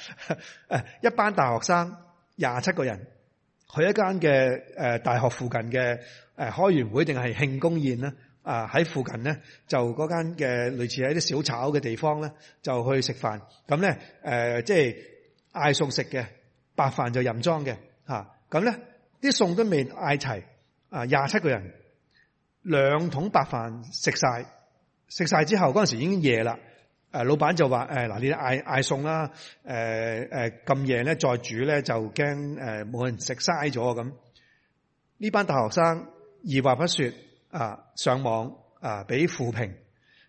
誒，一班大學生，廿七個人，去一間嘅誒大學附近嘅誒開完會定係慶功宴啦，啊，喺附近咧就嗰間嘅類似係啲小炒嘅地方咧，就去食飯，咁咧誒，即係嗌餸食嘅白飯就任裝嘅嚇，咁咧。啲餸都未嗌齊，啊，廿七個人兩桶白飯食曬，食曬之後嗰陣時已經夜啦。誒，老闆就話：嗱，你嗌嗌餸啦，咁夜咧再煮咧就驚誒冇人食曬咗咁。呢班大學生二話不說，啊，上網啊俾負評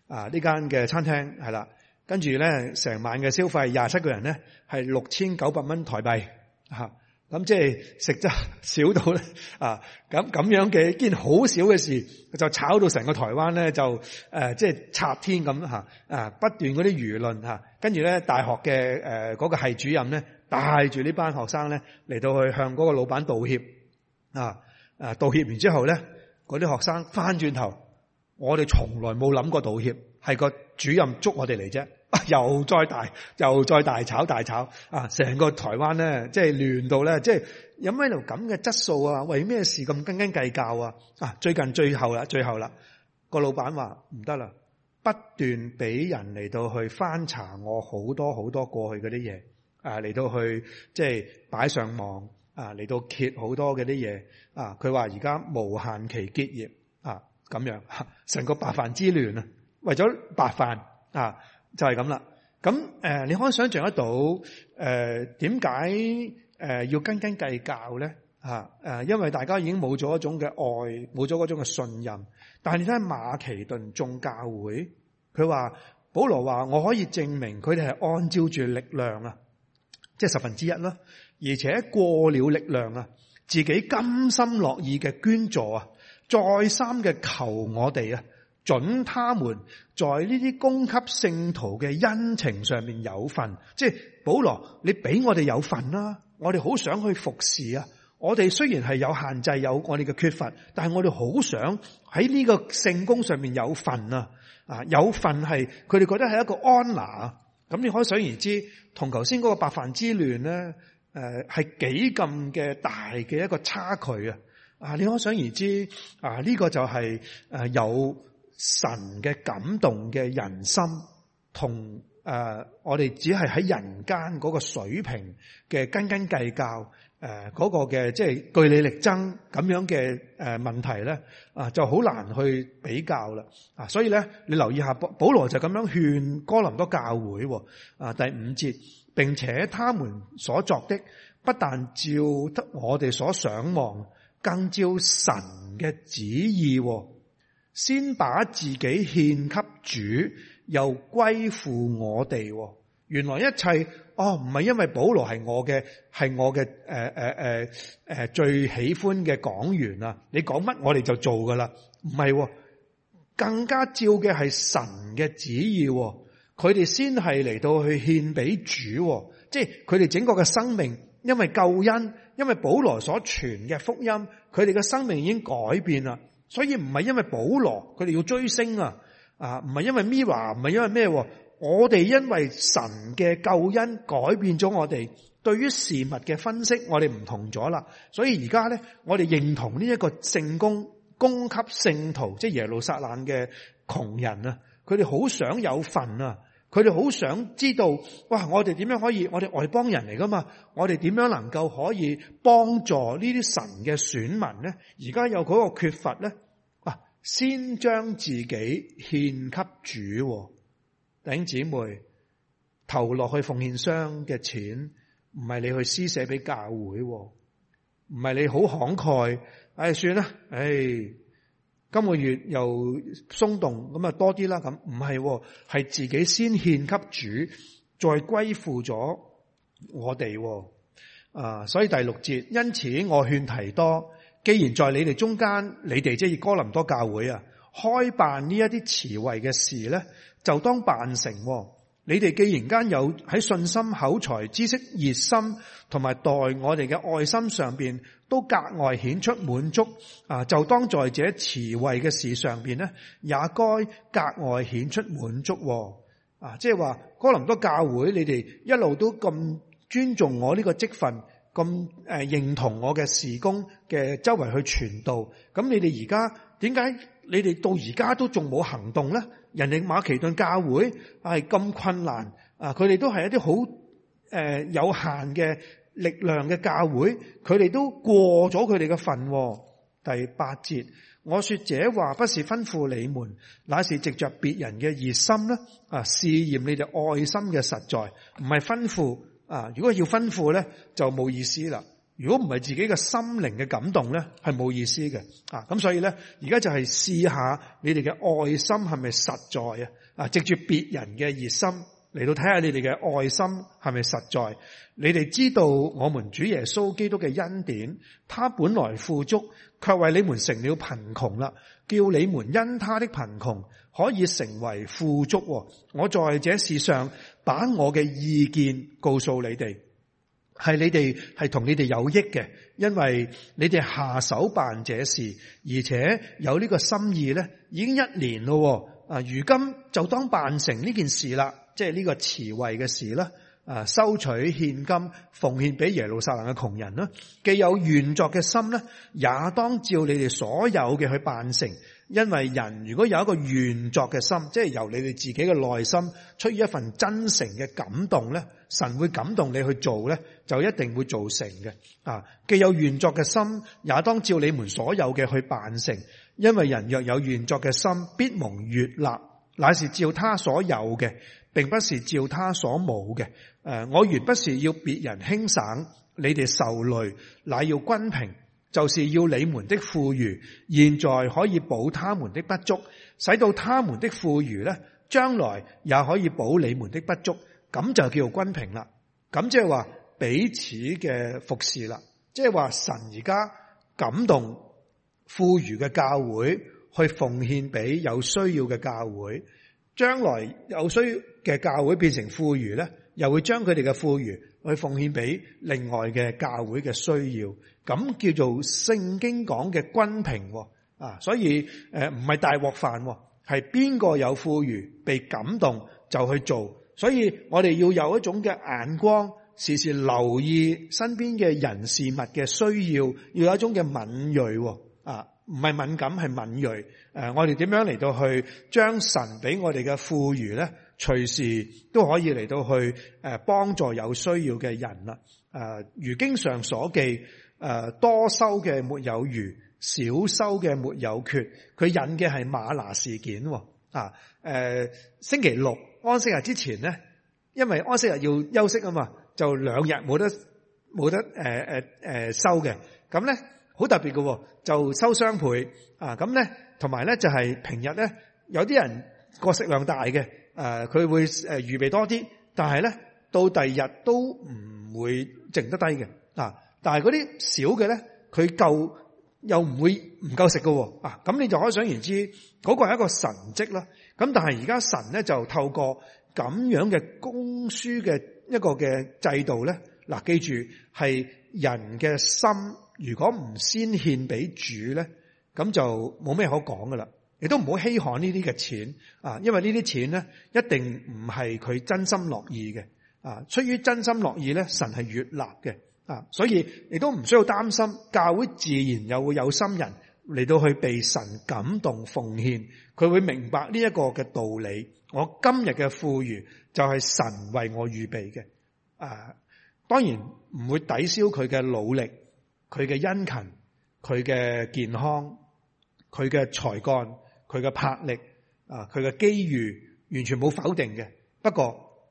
啊呢間嘅餐廳係啦，跟住咧成晚嘅消費廿七個人咧係六千九百蚊台幣，啊。咁即係食得少到咧啊！咁咁樣嘅一件好少嘅事，就炒到成個台灣咧就、呃、即係拆天咁嚇啊！不斷嗰啲輿論嚇，跟住咧大學嘅嗰、呃嗰個系主任咧，帶住呢班學生咧嚟到去向嗰個老闆道歉啊啊！道歉完之後咧，嗰啲學生翻轉頭，我哋從來冇諗過道歉。係個主任捉我哋嚟啫，又再大，又再大炒大炒啊！成個台灣咧，即係亂到咧，即係有咩度咁嘅質素啊？為咩事咁斤斤計較啊？啊，最近最後啦，最後啦，個老闆話唔得啦，不斷俾人嚟到去翻查我好多好多過去嗰啲嘢啊，嚟到去即係擺上網啊，嚟到揭好多嗰啲嘢啊，佢話而家無限期結業啊，咁樣，成、啊、個白飯之亂啊！為咗白飯啊，就係咁啦。咁誒、呃，你可以想象得到誒，點解誒要斤斤計較咧？吓、啊、誒、呃，因為大家已經冇咗一種嘅愛，冇咗嗰種嘅信任。但係你睇馬其頓眾教會，佢話保羅話：我可以證明佢哋係按照住力量啊，即係十分之一啦，而且過了力量啊，自己甘心樂意嘅捐助啊，再三嘅求我哋啊。準他們在呢啲供給聖徒嘅恩情上面有份，即係保羅，你俾我哋有份啦，我哋好想去服侍啊！我哋雖然係有限制，有我哋嘅缺乏，但係我哋好想喺呢個聖工上面有份啊！啊，有份係佢哋覺得係一個安拿，咁你可想而知，同頭先嗰個八分之亂咧，誒係幾咁嘅大嘅一個差距啊！啊，你可想而知啊，呢、這個就係、是、誒、呃、有。神嘅感動嘅人心，同誒、呃、我哋只係喺人間嗰個水平嘅斤斤計較，誒、呃、嗰、那個嘅，即係據理力爭咁樣嘅誒問題咧，啊、呃、就好難去比較啦，啊所以咧，你留意一下保保羅就咁樣勸哥林多教會，啊、呃、第五節，並且他們所作的不但照得我哋所想望，更照神嘅旨意。呃先把自己獻給主，又歸附我哋。原來一切哦，唔係因為保羅係我嘅，係我嘅誒誒誒誒最喜歡嘅講員啊！你講乜我哋就做噶啦，唔係。更加照嘅係神嘅旨意，佢哋先係嚟到去獻俾主，即係佢哋整個嘅生命，因為救恩，因為保羅所傳嘅福音，佢哋嘅生命已經改變啦。所以唔係因為保羅佢哋要追星啊，啊唔係因為 Mirror 唔係因為咩？我哋因為神嘅救恩改變咗我哋對於事物嘅分析，我哋唔同咗啦。所以而家咧，我哋認同呢一個聖工供給聖徒，即係耶路撒冷嘅窮人啊，佢哋好想有份啊。佢哋好想知道，哇！我哋點樣可以？我哋外邦人嚟噶嘛？我哋點樣能夠可以幫助呢啲神嘅選民咧？而家有嗰個缺乏咧，哇、啊！先將自己獻給主、哦，弟兄姊妹投落去奉獻箱嘅錢，唔係你去施捨俾教會、哦，唔係你好慷慨，唉、哎，算啦，唉、哎。今個月又鬆動，咁啊多啲啦，咁唔係，係自己先獻給主，再歸附咗我哋。啊，所以第六節，因此我勸提多，既然在你哋中間，你哋即係哥林多教會啊，開辦呢一啲慈惠嘅事咧，就當辦成啊。你哋既然間有喺信心、口才、知識、熱心同埋待我哋嘅愛心上邊都格外顯出滿足啊，就當在這慈惠嘅事上邊咧，也該格外顯出滿足。啊，即係話哥林多教會，你哋一路都咁尊重我呢個職份，咁誒認同我嘅事工嘅周圍去傳道。咁你哋而家點解你哋到而家都仲冇行動咧？人哋馬其頓教會係咁、哎、困難啊！佢哋都係一啲好誒有限嘅力量嘅教會，佢哋都過咗佢哋嘅份。第八節，我説這話不是吩咐你們，乃是藉着別人嘅熱心咧啊，試驗你哋愛心嘅實在，唔係吩咐啊！如果要吩咐咧，就冇意思啦。如果唔係自己嘅心靈嘅感動呢，係冇意思嘅啊！咁所以呢，而家就係試下你哋嘅愛心係咪實在啊？啊，藉住別人嘅熱心嚟到睇下你哋嘅愛心係咪實在？你哋知道我們主耶穌基督嘅恩典，他本來富足，卻為你們成了貧窮啦，叫你們因他的貧窮可以成為富足。我在這事上把我嘅意見告訴你哋。係你哋係同你哋有益嘅，因為你哋下手辦這事，而且有呢個心意咧，已經一年咯。啊，如今就當辦成呢件事啦，即係呢個慈惠嘅事啦。啊，收取現金奉獻俾耶路撒冷嘅窮人啦，既有願作嘅心咧，也當照你哋所有嘅去辦成，因為人如果有一個願作嘅心，即係由你哋自己嘅內心出於一份真誠嘅感動咧。神會感動你去做咧，就一定會做成嘅。啊，既有願作嘅心，也當照你們所有嘅去辦成。因為人若有願作嘅心，必蒙悅納，乃是照他所有嘅，並不是照他所冇嘅。誒、啊，我原不是要別人輕省你哋受累，乃要均平，就是要你們的富餘，現在可以補他們的不足，使到他們的富餘咧，將來也可以補你們的不足。咁就叫做均平啦。咁即係話彼此嘅服侍啦。即係話神而家感動富裕嘅教會去奉獻俾有需要嘅教會。將來有需要嘅教會變成富裕咧，又會將佢哋嘅富裕去奉獻俾另外嘅教會嘅需要。咁叫做聖經講嘅均平。啊，所以誒，唔係大鑊飯，係邊個有富裕被感動就去做。所以我哋要有一種嘅眼光，時時留意身邊嘅人事物嘅需要，要有一種嘅敏銳，啊，唔係敏感，係敏銳。誒、啊，我哋點樣嚟到去將神俾我哋嘅富餘咧，隨時都可以嚟到去誒、啊、幫助有需要嘅人啦。誒、啊，如經上所記，誒、啊、多收嘅沒有餘，少收嘅沒有缺。佢引嘅係嗎哪事件，啊，誒、啊、星期六。安息日之前咧，因為安息日要休息啊嘛，就兩日冇得冇得誒誒誒收嘅。咁咧好特別嘅，就收雙倍啊。咁咧同埋咧就係、是、平日咧，有啲人個食量大嘅，誒、啊、佢會誒預備多啲，但係咧到第二日都唔會剩得低嘅啊。但係嗰啲少嘅咧，佢夠又唔會唔夠食嘅啊。咁你就可以想而知，嗰、那個係一個神蹟啦。咁但係而家神咧就透過咁樣嘅供書嘅一個嘅制度咧，嗱記住係人嘅心，如果唔先獻俾主咧，咁就冇咩可講噶啦。亦都唔好稀罕呢啲嘅錢啊，因為呢啲錢咧一定唔係佢真心樂意嘅啊。出於真心樂意咧，神係越立嘅啊，所以亦都唔需要擔心教會自然又會有心人嚟到去被神感動奉獻，佢會明白呢一個嘅道理。我今日嘅富裕就係神為我預備嘅啊，當然唔會抵消佢嘅努力、佢嘅殷勤、佢嘅健康、佢嘅才幹、佢嘅魄力啊，佢嘅機遇，完全冇否定嘅。不過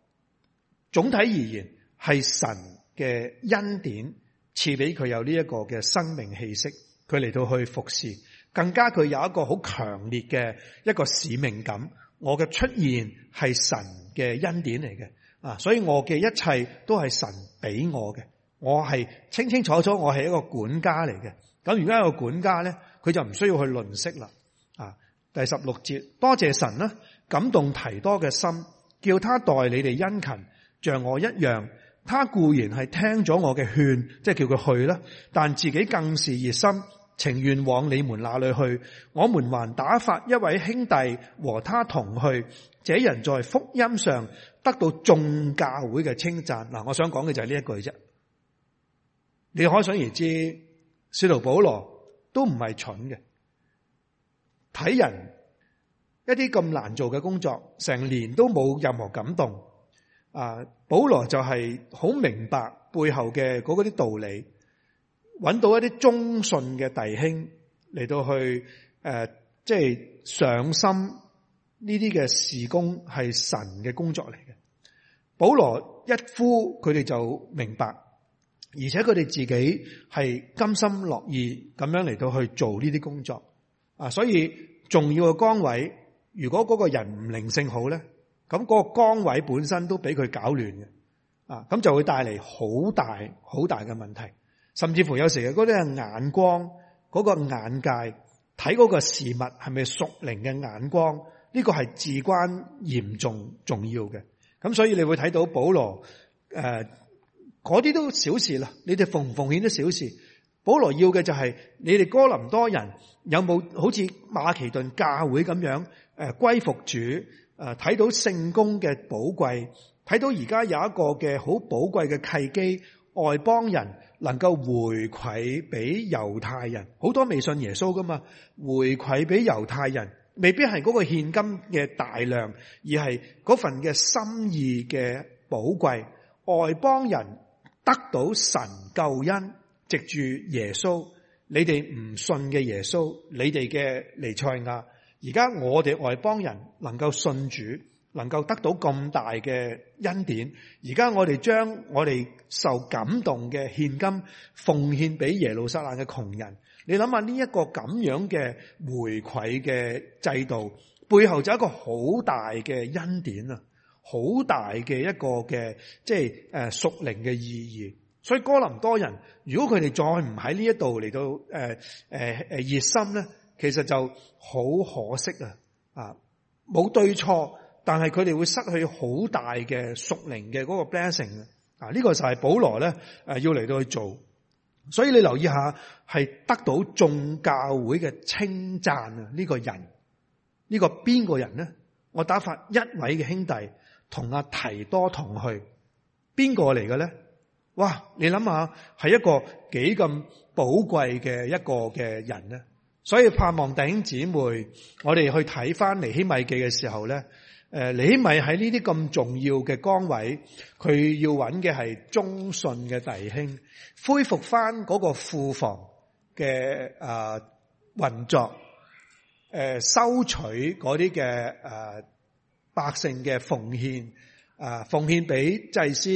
總體而言，係神嘅恩典賜俾佢有呢一個嘅生命氣息。佢嚟到去服侍，更加佢有一個好強烈嘅一個使命感。我嘅出現係神嘅恩典嚟嘅，啊，所以我嘅一切都係神俾我嘅。我係清清楚楚，我係一個管家嚟嘅。咁而家一個管家咧，佢就唔需要去吝嗇啦。啊，第十六節，多謝神啦、啊，感動提多嘅心，叫他待你哋殷勤，像我一樣。他固然係聽咗我嘅勸，即係叫佢去啦，但自己更是熱心。情願往你們那裏去，我們還打發一位兄弟和他同去，這人在福音上得到眾教會嘅稱讚。嗱，我想講嘅就係呢一句啫，你可想而知，使徒保羅都唔係蠢嘅，睇人一啲咁難做嘅工作，成年都冇任何感動。啊，保羅就係好明白背後嘅嗰啲道理，揾到一啲忠信嘅弟兄嚟到去誒，即係上心呢啲嘅事工係神嘅工作嚟嘅。保羅一呼，佢哋就明白，而且佢哋自己係甘心樂意咁樣嚟到去做呢啲工作啊。所以重要嘅崗位，如果嗰個人唔靈性好咧，咁嗰個崗位本身都俾佢搞亂嘅啊，咁就會帶嚟好大好大嘅問題。甚至乎有時嘅嗰啲係眼光，嗰、嗰個眼界睇嗰個事物係咪屬靈嘅眼光？呢、呢個係至關嚴重重要嘅。咁所以你會睇到保羅誒，嗰、呃、啲都小事啦。你哋奉唔奉獻都小事。保羅要嘅就係你哋哥林多人有冇好似馬其頓教會咁樣誒、呃，歸服主誒，睇、呃、到聖工嘅寶貴，睇到而家有一個嘅好寶貴嘅契機，外邦人。能夠回饋俾猶太人，好多未信耶穌噶嘛？回饋俾猶太人，未必係嗰個現金嘅大量，而係嗰份嘅心意嘅寶貴。外邦人得到神救恩，藉住耶穌，你哋唔信嘅耶穌，你哋嘅彌賽亞，而家我哋外邦人能夠信主。能夠得到咁大嘅恩典，而家我哋將我哋受感動嘅獻金奉獻俾耶路撒冷嘅窮人，你諗下呢一個咁樣嘅回饋嘅制度，背後就係一個好大嘅恩典啊，好大嘅一個嘅即係誒屬靈嘅意義。所以哥林多人，如果佢哋再唔喺呢一度嚟到誒誒誒熱心咧，其實就好可惜啊！啊，冇對錯。但係佢哋會失去好大嘅屬靈嘅嗰個 blessing 啊！呢個就係保羅咧誒要嚟到去做，所以你留意下係得到眾教會嘅稱讚啊，呢個人呢個邊個人呢？我打發一位嘅兄弟同阿提多同去，邊個嚟嘅呢？哇！你諗下係一個幾咁寶貴嘅一個嘅人呢？所以盼望弟兄姊妹，我哋去睇翻尼希米記嘅時候咧。你李咪喺呢啲咁重要嘅崗位，佢要揾嘅係忠信嘅弟兄，恢復翻嗰個庫房嘅誒運作，誒收取嗰啲嘅誒百姓嘅奉獻，啊奉獻俾祭司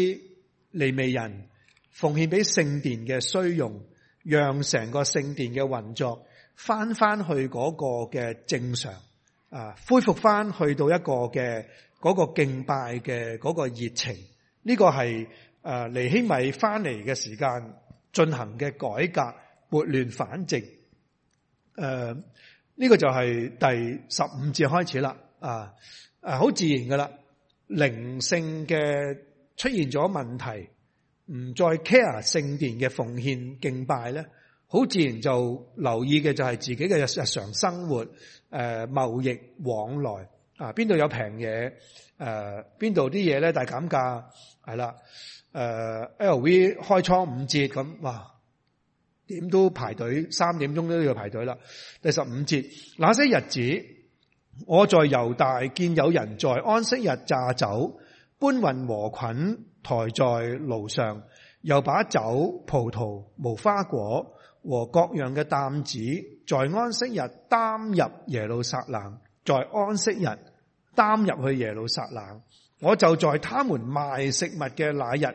利未人，奉獻俾聖殿嘅需用，讓成個聖殿嘅運作翻翻去嗰個嘅正常。啊！恢復翻去到一個嘅嗰、那個敬拜嘅嗰個熱情，呢、這個係誒尼希米翻嚟嘅時間進行嘅改革撥亂反正。誒、呃、呢、這個就係第十五節開始啦。啊好、啊、自然噶啦，靈性嘅出現咗問題，唔再 care 聖殿嘅奉獻敬拜咧。好自然就留意嘅就係自己嘅日日常生活，誒、呃、貿易往來啊邊度有平嘢，誒邊度啲嘢咧大減價係啦，誒、呃、L V 開倉五折咁，哇點都排隊，三點鐘都要排隊啦。第十五節，那些日子我在猶大見有人在安息日榨酒，搬運禾捆，抬在路上，又把酒葡萄無花果。和各樣嘅擔子，在安息日擔入耶路撒冷，在安息日擔入去耶路撒冷。我就在他們賣食物嘅那日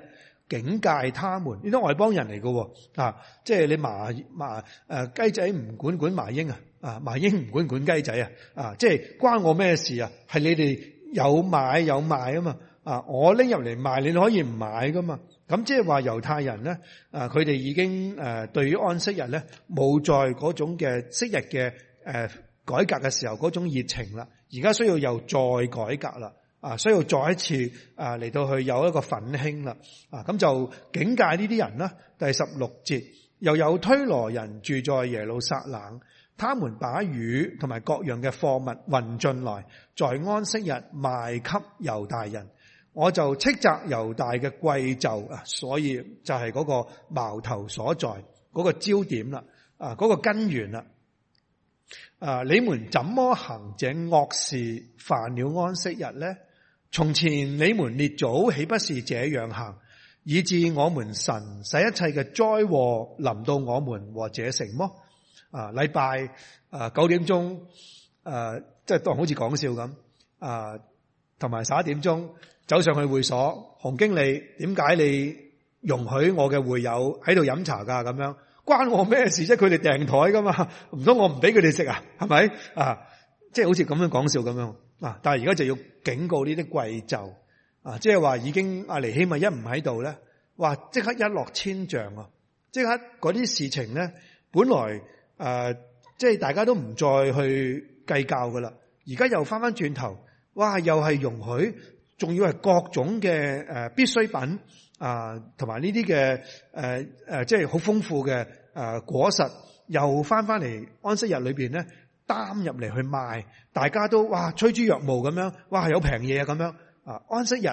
警戒他們。呢啲外邦人嚟嘅喎，啊，即係你麻麻誒、啊、雞仔唔管管麻鷹啊，啊麻鷹唔管管雞仔啊，啊即係關我咩事啊？係你哋有買有賣啊嘛，啊我拎入嚟賣，你可以唔買噶嘛。咁即係話猶太人咧，啊，佢哋已經誒，對於安息日咧，冇在嗰種嘅昔日嘅誒改革嘅時候嗰種熱情啦。而家需要又再改革啦，啊，需要再一次啊嚟到去有一個奮興啦，啊，咁就警戒呢啲人啦。第十六節，又有推羅人住在耶路撒冷，他們把魚同埋各樣嘅貨物運進來，在安息日賣給猶大人。我就斥責猶大嘅貴冑啊，所以就係嗰個矛頭所在，嗰個焦點啦，啊，嗰個根源啦，啊，你們怎麼行這惡事，犯了安息日呢？從前你們列祖豈不是這樣行，以致我們神使一切嘅災禍臨到我們和這城麼？啊，禮拜啊九點鐘，誒、啊，即係當好似講笑咁啊。同埋十一點鐘走上去會所，洪經理，點解你容許我嘅會友喺度飲茶噶？咁樣關我咩事啫？佢哋訂台噶嘛？唔通我唔俾佢哋食啊？係咪啊？即係好似咁樣講笑咁樣啊？但係而家就要警告呢啲貴胄，啊！即係話已經阿尼、啊、希米一唔喺度咧，哇！即刻一落千丈啊！即刻嗰啲事情咧，本來誒，即、啊、係、就是、大家都唔再去計較噶啦，而家又返返轉頭。哇！又係容許，仲要係各種嘅誒必需品啊，同埋呢啲嘅誒誒，即係好豐富嘅誒果實，又翻翻嚟安息日裏邊咧擔入嚟去賣，大家都哇吹豬若毛咁樣，哇，樣哇有平嘢啊咁樣啊！安息日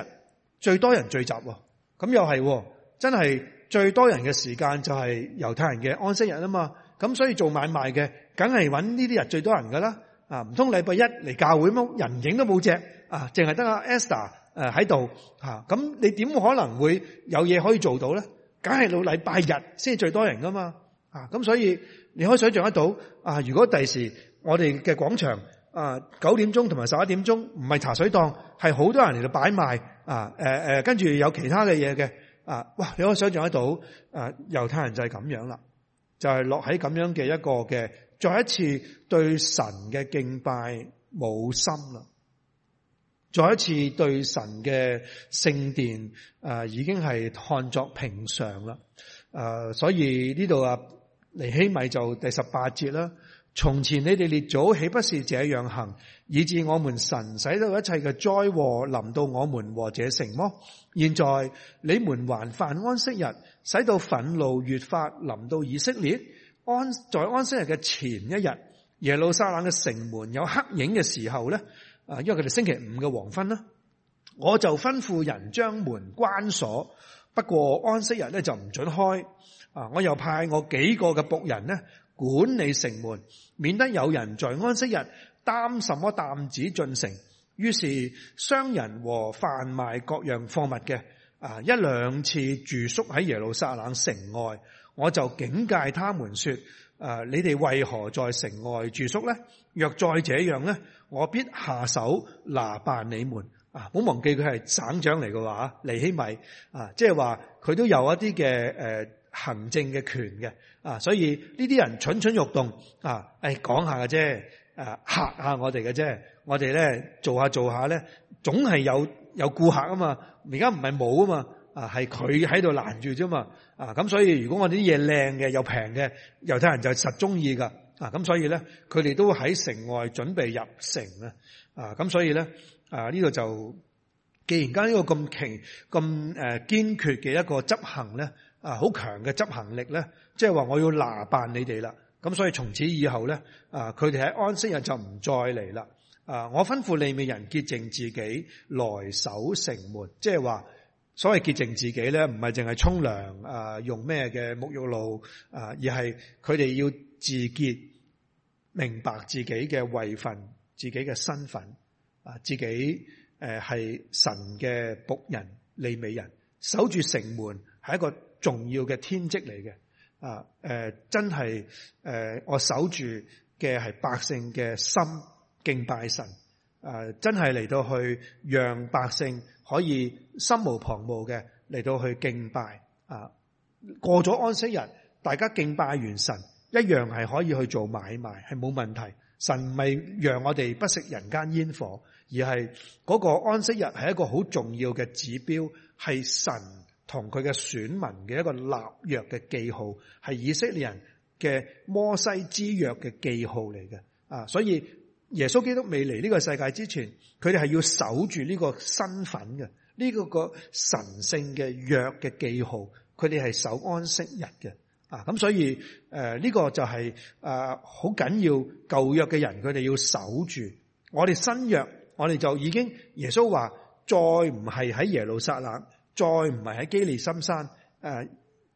最多人聚集，咁又係真係最多人嘅時間就係猶太人嘅安息日啊嘛，咁所以做買賣嘅梗係揾呢啲人最多人噶啦。啊，唔通禮拜一嚟教會咩？人影都冇隻，啊，淨係得阿 Esther 誒喺度吓，咁你點可能會有嘢可以做到咧？梗係到禮拜日先至最多人噶嘛，啊，咁所以你可以想象得到，啊，如果第時我哋嘅廣場啊九點鐘同埋十一點鐘唔係茶水檔，係好多人嚟到擺賣，啊、呃，誒、呃、誒，跟住有其他嘅嘢嘅，啊，哇，你可以想象得到，啊、呃，猶太人就係咁樣啦，就係、是、落喺咁樣嘅一個嘅。再一次對神嘅敬拜冇心啦，再一次對神嘅聖殿誒、呃、已經係看作平常啦，誒、呃、所以呢度啊尼希米就第十八節啦，從前你哋列祖豈不是這樣行，以致我們神使到一切嘅災禍臨到我們和這城麼？現在你們還犯安息日，使到憤怒越發臨到以色列。安在安息日嘅前一日，耶路撒冷嘅城門有黑影嘅時候咧，啊，因為佢哋星期五嘅黃昏啦，我就吩咐人將門關鎖。不過安息日咧就唔准開，啊，我又派我幾個嘅僕人咧管理城門，免得有人在安息日擔什麼擔子進城。於是商人和販賣各樣貨物嘅，啊，一兩次住宿喺耶路撒冷城外。我就警戒他們說：誒、呃，你哋為何在城外住宿咧？若再這樣咧，我必下手拿辦你們。啊，唔好忘記佢係省長嚟嘅話，尼希米。啊，即係話佢都有一啲嘅誒行政嘅權嘅。啊，所以呢啲人蠢蠢欲動。啊，誒、哎、講下嘅啫，誒、啊、嚇下我哋嘅啫。我哋咧做下做下咧，總係有有顧客啊嘛。而家唔係冇啊嘛。啊，係佢喺度攔住啫嘛。啊，咁所以如果我哋啲嘢靚嘅又平嘅，猶太人就實中意噶。啊，咁所以咧，佢哋都喺城外準備入城啦。啊，咁所以咧，啊呢度就既然間呢個咁強、咁誒、呃、堅決嘅一個執行咧，啊好強嘅執行力咧、啊，即係話我要拿辦你哋啦。咁、啊、所以從此以後咧，啊佢哋喺安息日就唔再嚟啦。啊，我吩咐利未人潔淨自己，來守城門，啊、即係話。所謂潔淨自己咧，唔係淨係沖涼，誒、啊、用咩嘅沐浴露，誒、啊、而係佢哋要自潔，明白自己嘅位份、自己嘅身份，啊自己誒係、啊、神嘅僕人、利未人，守住城門係一個重要嘅天職嚟嘅，啊誒、啊、真係誒、啊、我守住嘅係百姓嘅心敬拜神，啊真係嚟到去讓百姓，可以心無旁騖嘅嚟到去敬拜啊！過咗安息日，大家敬拜完神，一樣係可以去做買賣，係冇問題。神唔係讓我哋不食人間煙火，而係嗰個安息日係一個好重要嘅指標，係神同佢嘅選民嘅一個立約嘅記號，係以色列人嘅摩西之約嘅記號嚟嘅啊！所以。耶穌基督未嚟呢個世界之前，佢哋係要守住呢個身份嘅，呢、這個個神聖嘅約嘅記號，佢哋係守安息日嘅。啊，咁所以誒呢、呃這個就係誒好緊要舊約嘅人，佢哋要守住。我哋新約，我哋就已經耶穌話，再唔係喺耶路撒冷，再唔係喺基利心山誒、呃、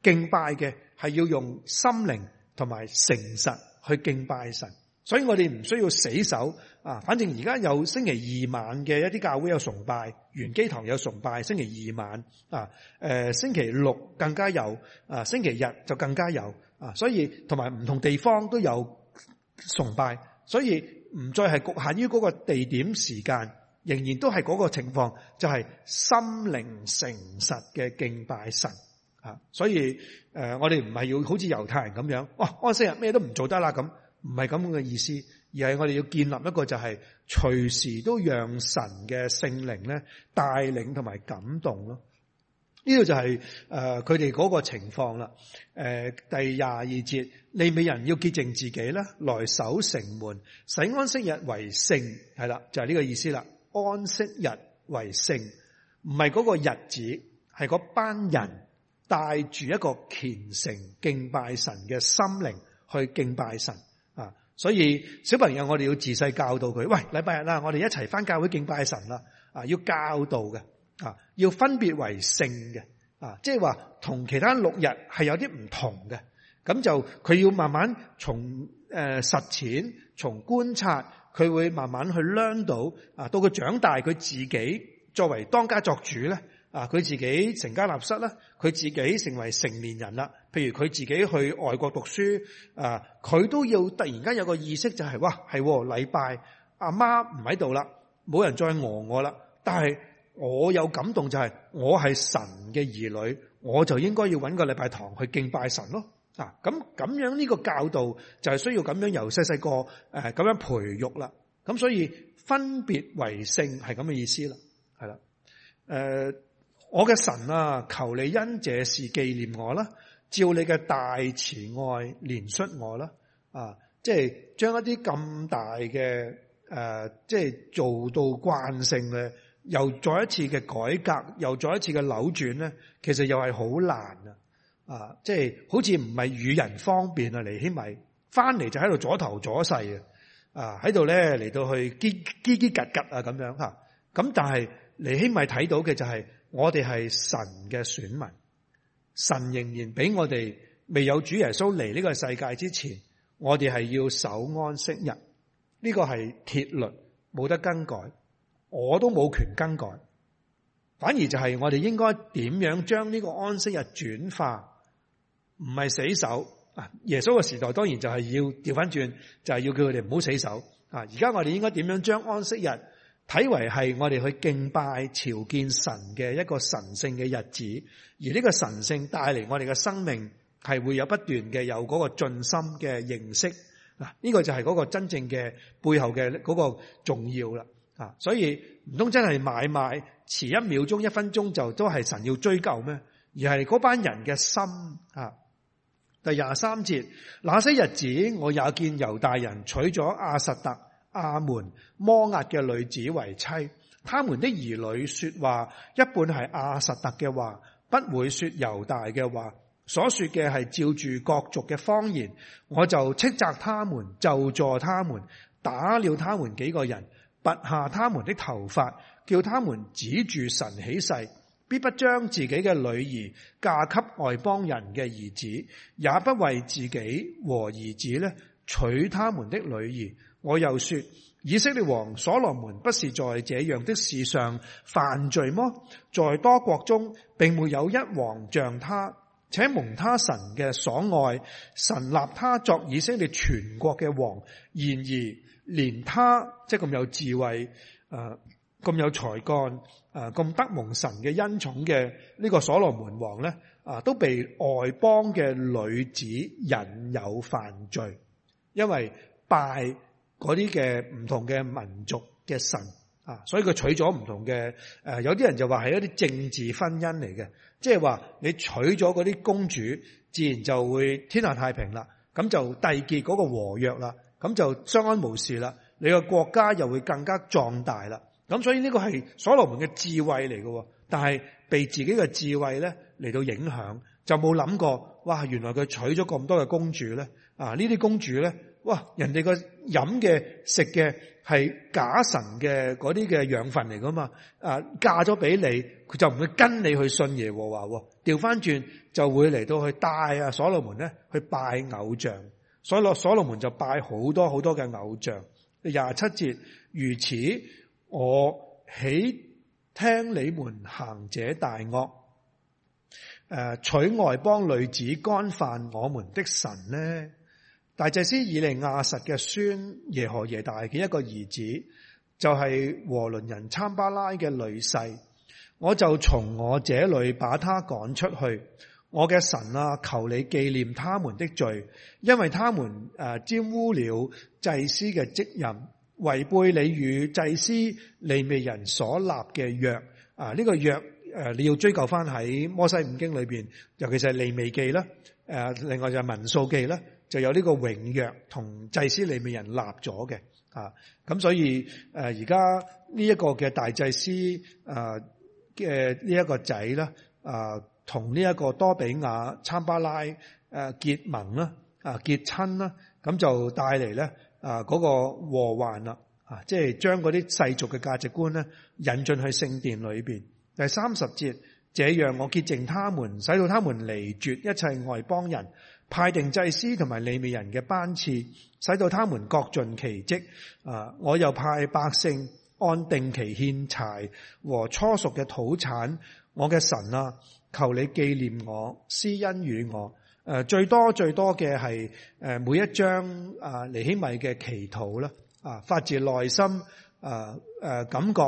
敬拜嘅，係要用心靈同埋誠實去敬拜神。所以我哋唔需要死守啊！反正而家有星期二晚嘅一啲教會有崇拜，元基堂有崇拜，星期二晚啊，誒，星期六更加有啊，星期日就更加有啊。所以同埋唔同地方都有崇拜，所以唔再係局限於嗰個地點時間，仍然都係嗰個情況，就係、是、心靈誠實嘅敬拜神啊。所以誒，我哋唔係要好似猶太人咁樣，哇、哦，安息日咩都唔做得啦咁。唔係咁嘅意思，而係我哋要建立一個就係、是、隨時都讓神嘅聖靈咧帶領同埋感動咯。呢度就係誒佢哋嗰個情況啦。誒、呃，第廿二節，利未人要潔淨自己啦，來守城門，使安息日為聖，係啦，就係、是、呢個意思啦。安息日為聖，唔係嗰個日子，係嗰班人帶住一個虔誠敬拜神嘅心靈去敬拜神。所以小朋友，我哋要仔細教導佢。喂，禮拜日啦，我哋一齊返教會敬拜神啦。啊，要教導嘅，啊，要分別為聖嘅，啊，即係話同其他六日係有啲唔同嘅。咁就佢要慢慢從誒實踐，從觀察，佢會慢慢去 learn 到啊。到佢長大，佢自己作為當家作主咧。啊！佢自己成家立室啦，佢自己成為成年人啦。譬如佢自己去外國讀書，啊，佢都要突然間有個意識、就是，就係哇，係、哦、禮拜阿媽唔喺度啦，冇人再餓我啦。但係我有感動、就是，就係我係神嘅兒女，我就應該要搵個禮拜堂去敬拜神咯。啊，咁咁樣呢個教導就係需要咁樣由細細個誒咁樣培育啦。咁所以分別為聖係咁嘅意思啦，係啦，誒、呃。我嘅神啊，求你因這事紀念我啦，照你嘅大慈愛憐恤我啦，啊，即係將一啲咁大嘅誒、啊，即係做到慣性嘅，又再一次嘅改革，又再一次嘅扭轉咧，其實又係、啊、好難啊，啊，啊，即係好似唔係與人方便啊，尼希米翻嚟就喺度阻頭阻勢啊，啊，喺度咧嚟到去嘰嘰嘰吉吉啊咁樣吓，咁但係尼希米睇到嘅就係。我哋係神嘅選民，神仍然俾我哋未有主耶穌嚟呢個世界之前，我哋係要守安息日，呢、這個係鐵律，冇得更改，我都冇權更改。反而就係我哋應該點樣將呢個安息日轉化，唔係死守啊！耶穌嘅時代當然就係要調翻轉，就係、是、要叫佢哋唔好死守啊！而家我哋應該點樣將安息日？睇為係我哋去敬拜朝見神嘅一個神聖嘅日子，而呢個神聖帶嚟我哋嘅生命係會有不斷嘅有嗰個盡心嘅認識啊！呢個就係嗰個真正嘅背後嘅嗰個重要啦啊！所以唔通真係買賣遲一秒鐘一分鐘，就都係神要追究咩？而係嗰班人嘅心啊！第廿三節，那些日子我也見猶大人娶咗亞實突。亞捫摩押嘅女子為妻，他們的兒女說話一半係亞實突嘅話，不會說猶大嘅話，所說嘅係照住各族嘅方言。我就斥責他們，就詛他們，打了他們幾個人，拔下他們的頭髮，叫他們指住神起誓，必不將自己嘅女兒嫁給外邦人嘅兒子，也不為自己和兒子呢娶他們的女兒。我又說，以色列王所羅門不是在這樣的事上犯罪麼？在多國中，並沒有一王像他，且蒙他神嘅所愛，神立他作以色列全國嘅王。然而，連他即係咁有智慧，誒，咁有才幹，誒，咁得蒙神嘅恩寵嘅呢個所羅門王呢，啊，都被外邦嘅女子引誘犯罪，因為拜。嗰啲嘅唔同嘅民族嘅神啊，所以佢娶咗唔同嘅，誒，有啲人就話係一啲政治婚姻嚟嘅，即係話你娶咗嗰啲公主，自然就會天下太平啦，咁就締結嗰個和約啦，咁就相安無事啦，你個國家又會更加壯大啦，咁所以呢個係所羅門嘅智慧嚟嘅，但係被自己嘅智慧咧嚟到影響，就冇諗過，哇，原來佢娶咗咁多嘅公主咧，啊呢啲公主咧。哇！人哋個飲嘅食嘅係假神嘅嗰啲嘅養分嚟噶嘛？啊嫁咗俾你，佢就唔會跟你去信耶和華。調翻轉就會嚟到去帶啊所羅門咧去拜偶像，所羅門所羅門就拜好多好多嘅偶像。廿七節，如此我喜豈聽你們行這大惡，誒、啊、娶外邦女子干犯我們的神咧。大祭司以利亞實嘅孫耶何耶大嘅一個兒子，就係、是、和倫人參巴拉嘅女婿。我就從我這裏把他趕出去。我嘅神啊，求你紀念他們的罪，因為他們誒玷污了祭司嘅職任，違背你與祭司利未人所立嘅約啊！呢、這個約誒，你、啊、要追究翻喺摩西五經裏邊，尤其是利未記啦，誒、啊，另外就係民數記啦。就有呢個榮約同祭司裏面的人立咗嘅啊，咁所以誒而家呢一個嘅大祭司誒嘅呢一個仔咧啊，同呢一個多比亞參巴拉誒結盟啦啊結親啦，咁就帶嚟咧啊嗰個禍患啦啊，即係將嗰啲世俗嘅價值觀咧引進去聖殿裏邊。第三十節，這樣我潔淨他們，使到他們離絕一切外邦人。派定祭司同埋利未人嘅班次，使到他們各盡其職。啊，我又派百姓按定期獻柴和初熟嘅土產。我嘅神啊，求你紀念我，施恩與我。誒，最多最多嘅係誒每一章啊尼希米嘅祈禱啦。啊，發自內心。誒誒，感覺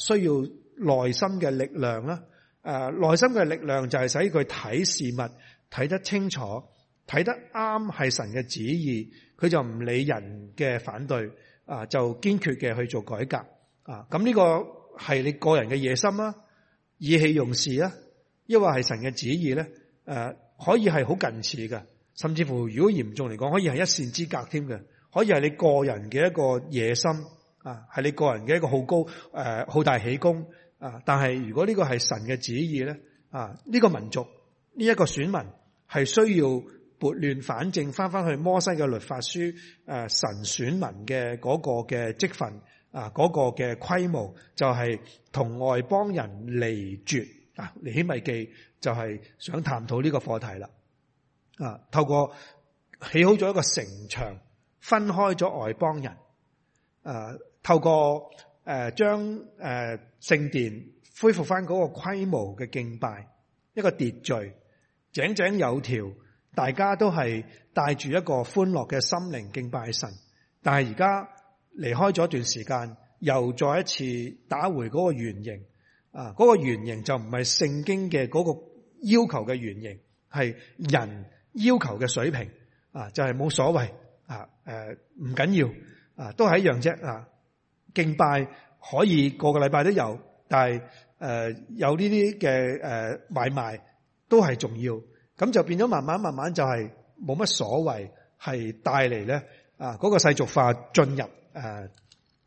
誒需要內心嘅力量啦。誒，內心嘅力量就係使佢睇事物睇得清楚。睇得啱係神嘅旨意，佢就唔理人嘅反對啊，就堅決嘅去做改革啊。咁、這、呢個係你個人嘅野心啦、啊，意氣用事啦、啊，抑或係神嘅旨意咧？誒、啊，可以係好近似嘅，甚至乎如果嚴重嚟講，可以係一線之隔添嘅，可以係你個人嘅一個野心啊，係你個人嘅一個好高誒好、呃、大喜功啊。但係如果呢個係神嘅旨意咧，啊，呢、這個民族呢一、這個選民係需要。撥亂反正，返返去摩西嘅律法書，誒、呃、神選民嘅嗰個嘅積份啊，嗰、呃那個嘅規模就係、是、同外邦人離絕啊，尼希米記就係想探討呢個課題啦。啊，透過起好咗一個城牆，分開咗外邦人。誒、啊，透過誒將誒聖殿恢復返嗰個規模嘅敬拜，一個秩序井井有條。大家都係帶住一個歡樂嘅心靈敬拜神，但係而家離開咗一段時間，又再一次打回嗰個原形啊！嗰個原形就唔係聖經嘅嗰個要求嘅原形，係人要求嘅水平啊！就係冇所謂啊，誒唔緊要啊，都係一樣啫啊！敬拜可以個個禮拜都有，但係誒有呢啲嘅誒買賣都係重要。咁就變咗慢慢慢慢就係冇乜所謂，係帶嚟咧啊嗰個世俗化進入誒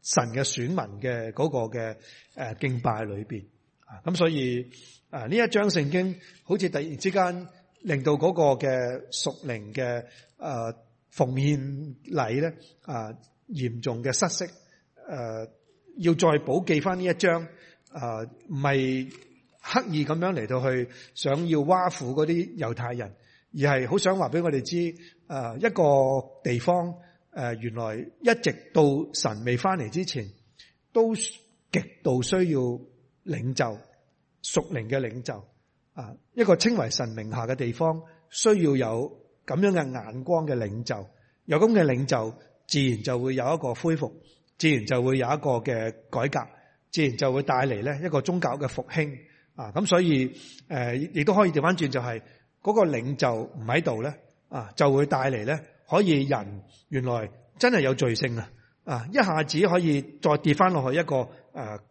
神嘅選民嘅嗰個嘅誒敬拜裏邊啊，咁所以啊呢一章聖經好似突然之間令到嗰個嘅屬靈嘅誒奉獻禮咧啊嚴重嘅失色誒要再補記翻呢一章。誒唔係。刻意咁樣嚟到去想要挖苦嗰啲猶太人，而係好想話俾我哋知，誒一個地方誒原來一直到神未返嚟之前，都極度需要領袖屬靈嘅領袖啊，一個稱為神名下嘅地方，需要有咁樣嘅眼光嘅領袖，有咁嘅領袖，自然就會有一個恢復，自然就會有一個嘅改革，自然就會帶嚟呢一個宗教嘅復興。啊，咁所以，誒、呃、亦都可以調翻轉，就係嗰個領袖就唔喺度咧，啊，就會帶嚟咧，可以人原來真係有罪性啊，啊，一下子可以再跌翻落去一個誒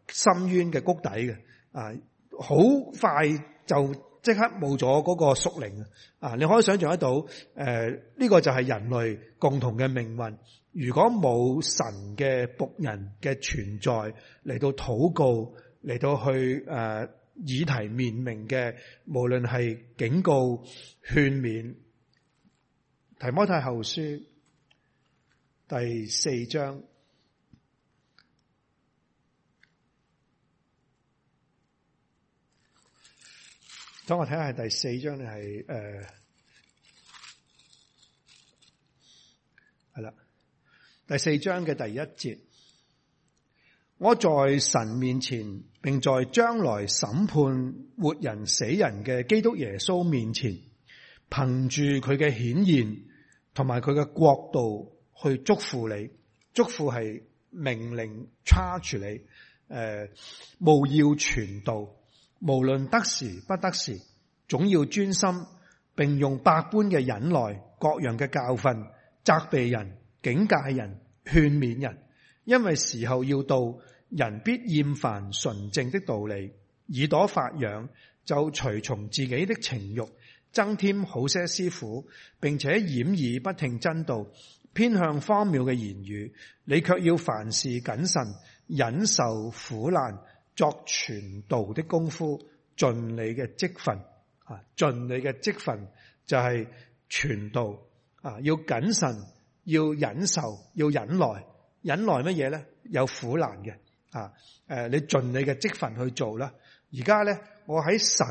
深淵嘅谷底嘅，啊，好、啊、快就即刻冇咗嗰個屬靈啊，啊，你可以想象得到，誒、啊、呢、這個就係人類共同嘅命運。如果冇神嘅僕人嘅存在嚟到禱告，嚟到去誒。啊以題面明嘅，無論係警告、勸勉，《提摩太後書》第四章。等我睇下第四章，係誒，係啦，第四章嘅第一節。我在神面前，並在將來審判活人死人嘅基督耶穌面前，憑住佢嘅顯現同埋佢嘅國度去祝福你。祝福係命令差住你，誒、呃，務要傳道，無論得時不得時，總要專心，並用百般嘅忍耐、各樣嘅教訓、責備人、警戒人、勸勉人。因為時候要到，人必厭煩純正的道理，耳朵發癢，就隨從自己的情欲，增添好些師傅，並且掩耳不聽真道，偏向荒謬嘅言語。你卻要凡事謹慎，忍受苦難，作傳道的功夫，盡你嘅職份啊！盡你嘅職份就係傳道啊！要謹慎，要忍受，要忍耐。忍耐乜嘢咧？有苦難嘅啊！誒，你盡你嘅職份去做啦。而家咧，我喺神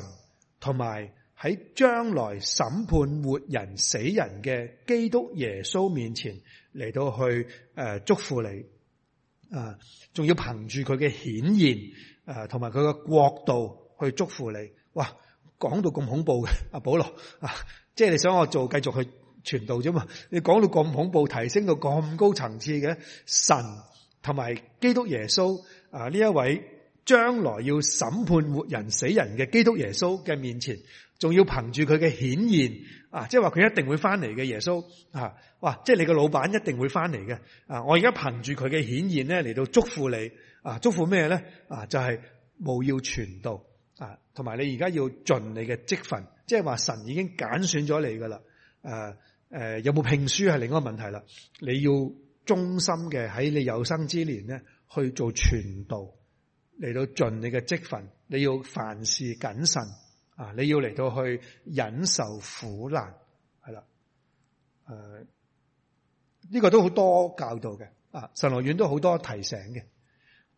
同埋喺將來審判活人死人嘅基督耶穌面前嚟到去誒祝福你。誒、啊，仲要憑住佢嘅顯現誒，同埋佢嘅國度去祝福你。哇！講到咁恐怖嘅阿、啊、保羅啊，即係你想我做，繼續去。傳道啫嘛，你講到咁恐怖，提升到咁高層次嘅神同埋基督耶穌啊，呢一位將來要審判活人死人嘅基督耶穌嘅面前，仲要憑住佢嘅顯現啊，即係話佢一定會翻嚟嘅耶穌啊，哇！即係你個老闆一定會翻嚟嘅啊！我而家憑住佢嘅顯現咧嚟到祝福你啊！祝福咩咧？啊，就係、是、務要傳道啊，同埋你而家要盡你嘅職份，即係話神已經揀選咗你噶啦誒。啊誒，有冇聘書係另一個問題啦？你要忠心嘅喺你有生之年咧，去做傳道，嚟到盡你嘅職分。你要凡事謹慎啊！你要嚟到去忍受苦難，係啦。誒，呢個都好多教導嘅啊！神學院都好多提醒嘅。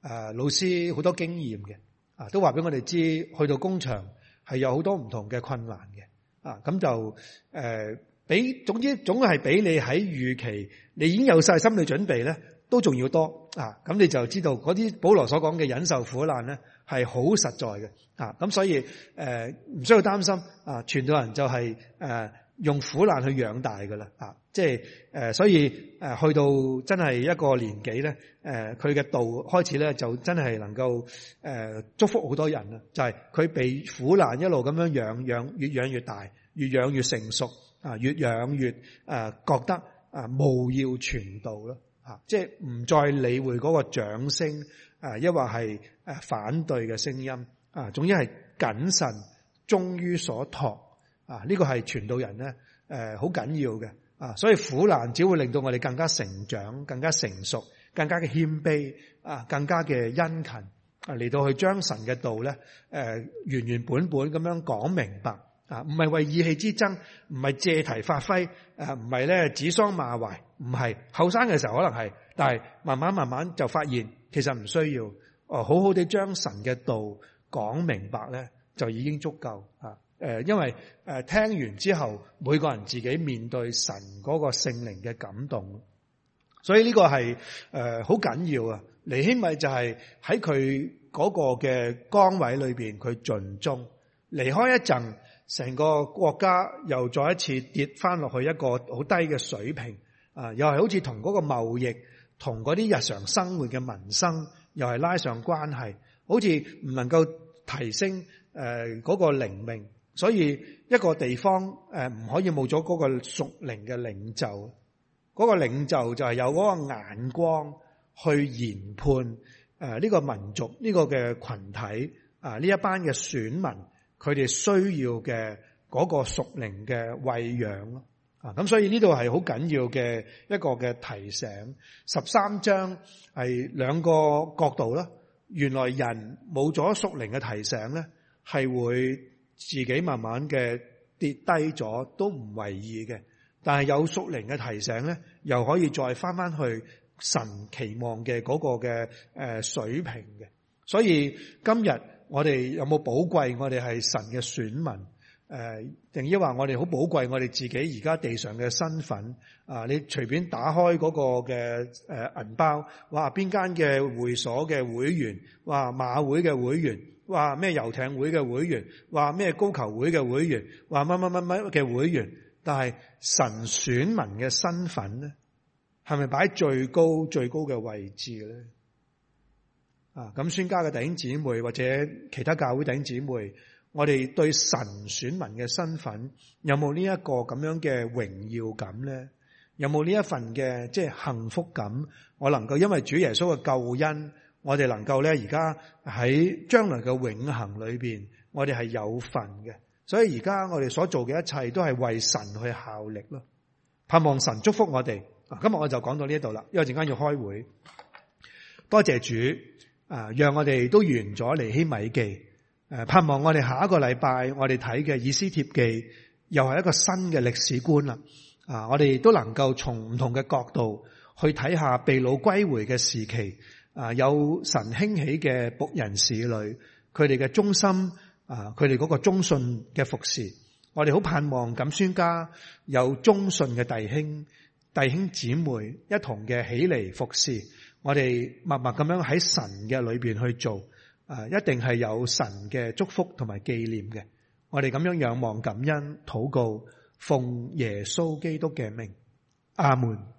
誒，老師好多經驗嘅啊，都話俾我哋知，去到工場係有好多唔同嘅困難嘅啊。咁就誒、呃。俾，總之總係比你喺預期，你已經有晒心理準備咧，都仲要多啊！咁你就知道嗰啲保羅所講嘅忍受苦難咧，係好實在嘅啊！咁所以誒唔、呃、需要擔心啊，全眾人就係、是、誒、啊、用苦難去養大噶啦啊！即係誒，所以誒、啊、去到真係一個年紀咧，誒佢嘅道開始咧就真係能夠誒、啊、祝福好多人啊！就係、是、佢被苦難一路咁樣養養，越養越大，越養越成熟。啊，越養越誒覺得啊，務要傳道啦，吓，即係唔再理會嗰個掌聲，誒，抑或係誒反對嘅聲音，啊，總之係謹慎忠於所託，啊，呢個係傳道人咧，誒，好緊要嘅，啊，所以苦難只會令到我哋更加成長，更加成熟，更加嘅謙卑，啊，更加嘅殷勤，啊，嚟到去將神嘅道咧，誒，原原本本咁樣講明白。啊，唔係為意氣之爭，唔係借題發揮，誒，唔係咧指桑罵槐，唔係後生嘅時候可能係，但係慢慢慢慢就發現，其實唔需要，哦，好好地將神嘅道講明白咧就已經足夠誒，因為誒聽完之後，每個人自己面對神嗰個聖靈嘅感動，所以呢個係誒好緊要啊。尼希米就係喺佢嗰個嘅崗位裏邊，佢盡忠離開一陣。成個國家又再一次跌翻落去一個好低嘅水平，啊，又係好似同嗰個貿易、同嗰啲日常生活嘅民生又係拉上關係，好似唔能夠提升嗰個靈命，所以一個地方唔可以冇咗嗰個屬靈嘅領袖，嗰、嗰個領袖就係有嗰個眼光去研判呢個民族呢、呢個嘅群體啊呢一班嘅選民。佢哋需要嘅嗰個屬靈嘅餵養咯，啊咁所以呢度係好緊要嘅一個嘅提醒。十三章係兩個角度啦，原來人冇咗屬靈嘅提醒咧，係會自己慢慢嘅跌低咗，都唔為意嘅。但係有屬靈嘅提醒咧，又可以再返返去神期望嘅嗰個嘅誒水平嘅。所以今日。我哋有冇寶貴？我哋係神嘅選民，誒、呃，定係話我哋好寶貴。我哋自己而家地上嘅身份，啊、呃，你隨便打開嗰個嘅誒、呃、銀包，哇，邊間嘅會所嘅會員，哇，馬會嘅會員，哇，咩遊艇會嘅會員，哇，咩高球會嘅會員，哇，乜乜乜乜嘅會員，但係神選民嘅身份咧，係咪擺最高最高嘅位置咧？咁孫家嘅弟兄姊妹或者其他教會弟兄姊妹，我哋對神選民嘅身份有冇呢一個咁樣嘅榮耀感咧？有冇呢一份嘅即係幸福感？我能夠因為主耶穌嘅救恩，我哋能夠咧而家喺將來嘅永恒裏邊，我哋係有份嘅。所以而家我哋所做嘅一切都係為神去效力咯。盼望神祝福我哋啊。今日我就講到呢一度啦，因為一陣間要開會。多謝主。啊，讓我哋都完咗尼希米記，誒，盼望我哋下一個禮拜我哋睇嘅以斯帖記，又係一個新嘅歷史觀啦。啊，我哋都能夠從唔同嘅角度去睇下被擄歸回嘅時期，啊，有神興起嘅僕人使女，佢哋嘅忠心，啊，佢哋嗰個忠信嘅服侍，我哋好盼望咁孫家有忠信嘅弟兄弟兄姊妹一同嘅起嚟服侍。我哋默默咁樣喺神嘅裏邊去做，誒，一定係有神嘅祝福同埋紀念嘅。我哋咁樣仰望、感恩、禱告，奉耶穌基督嘅名，阿門。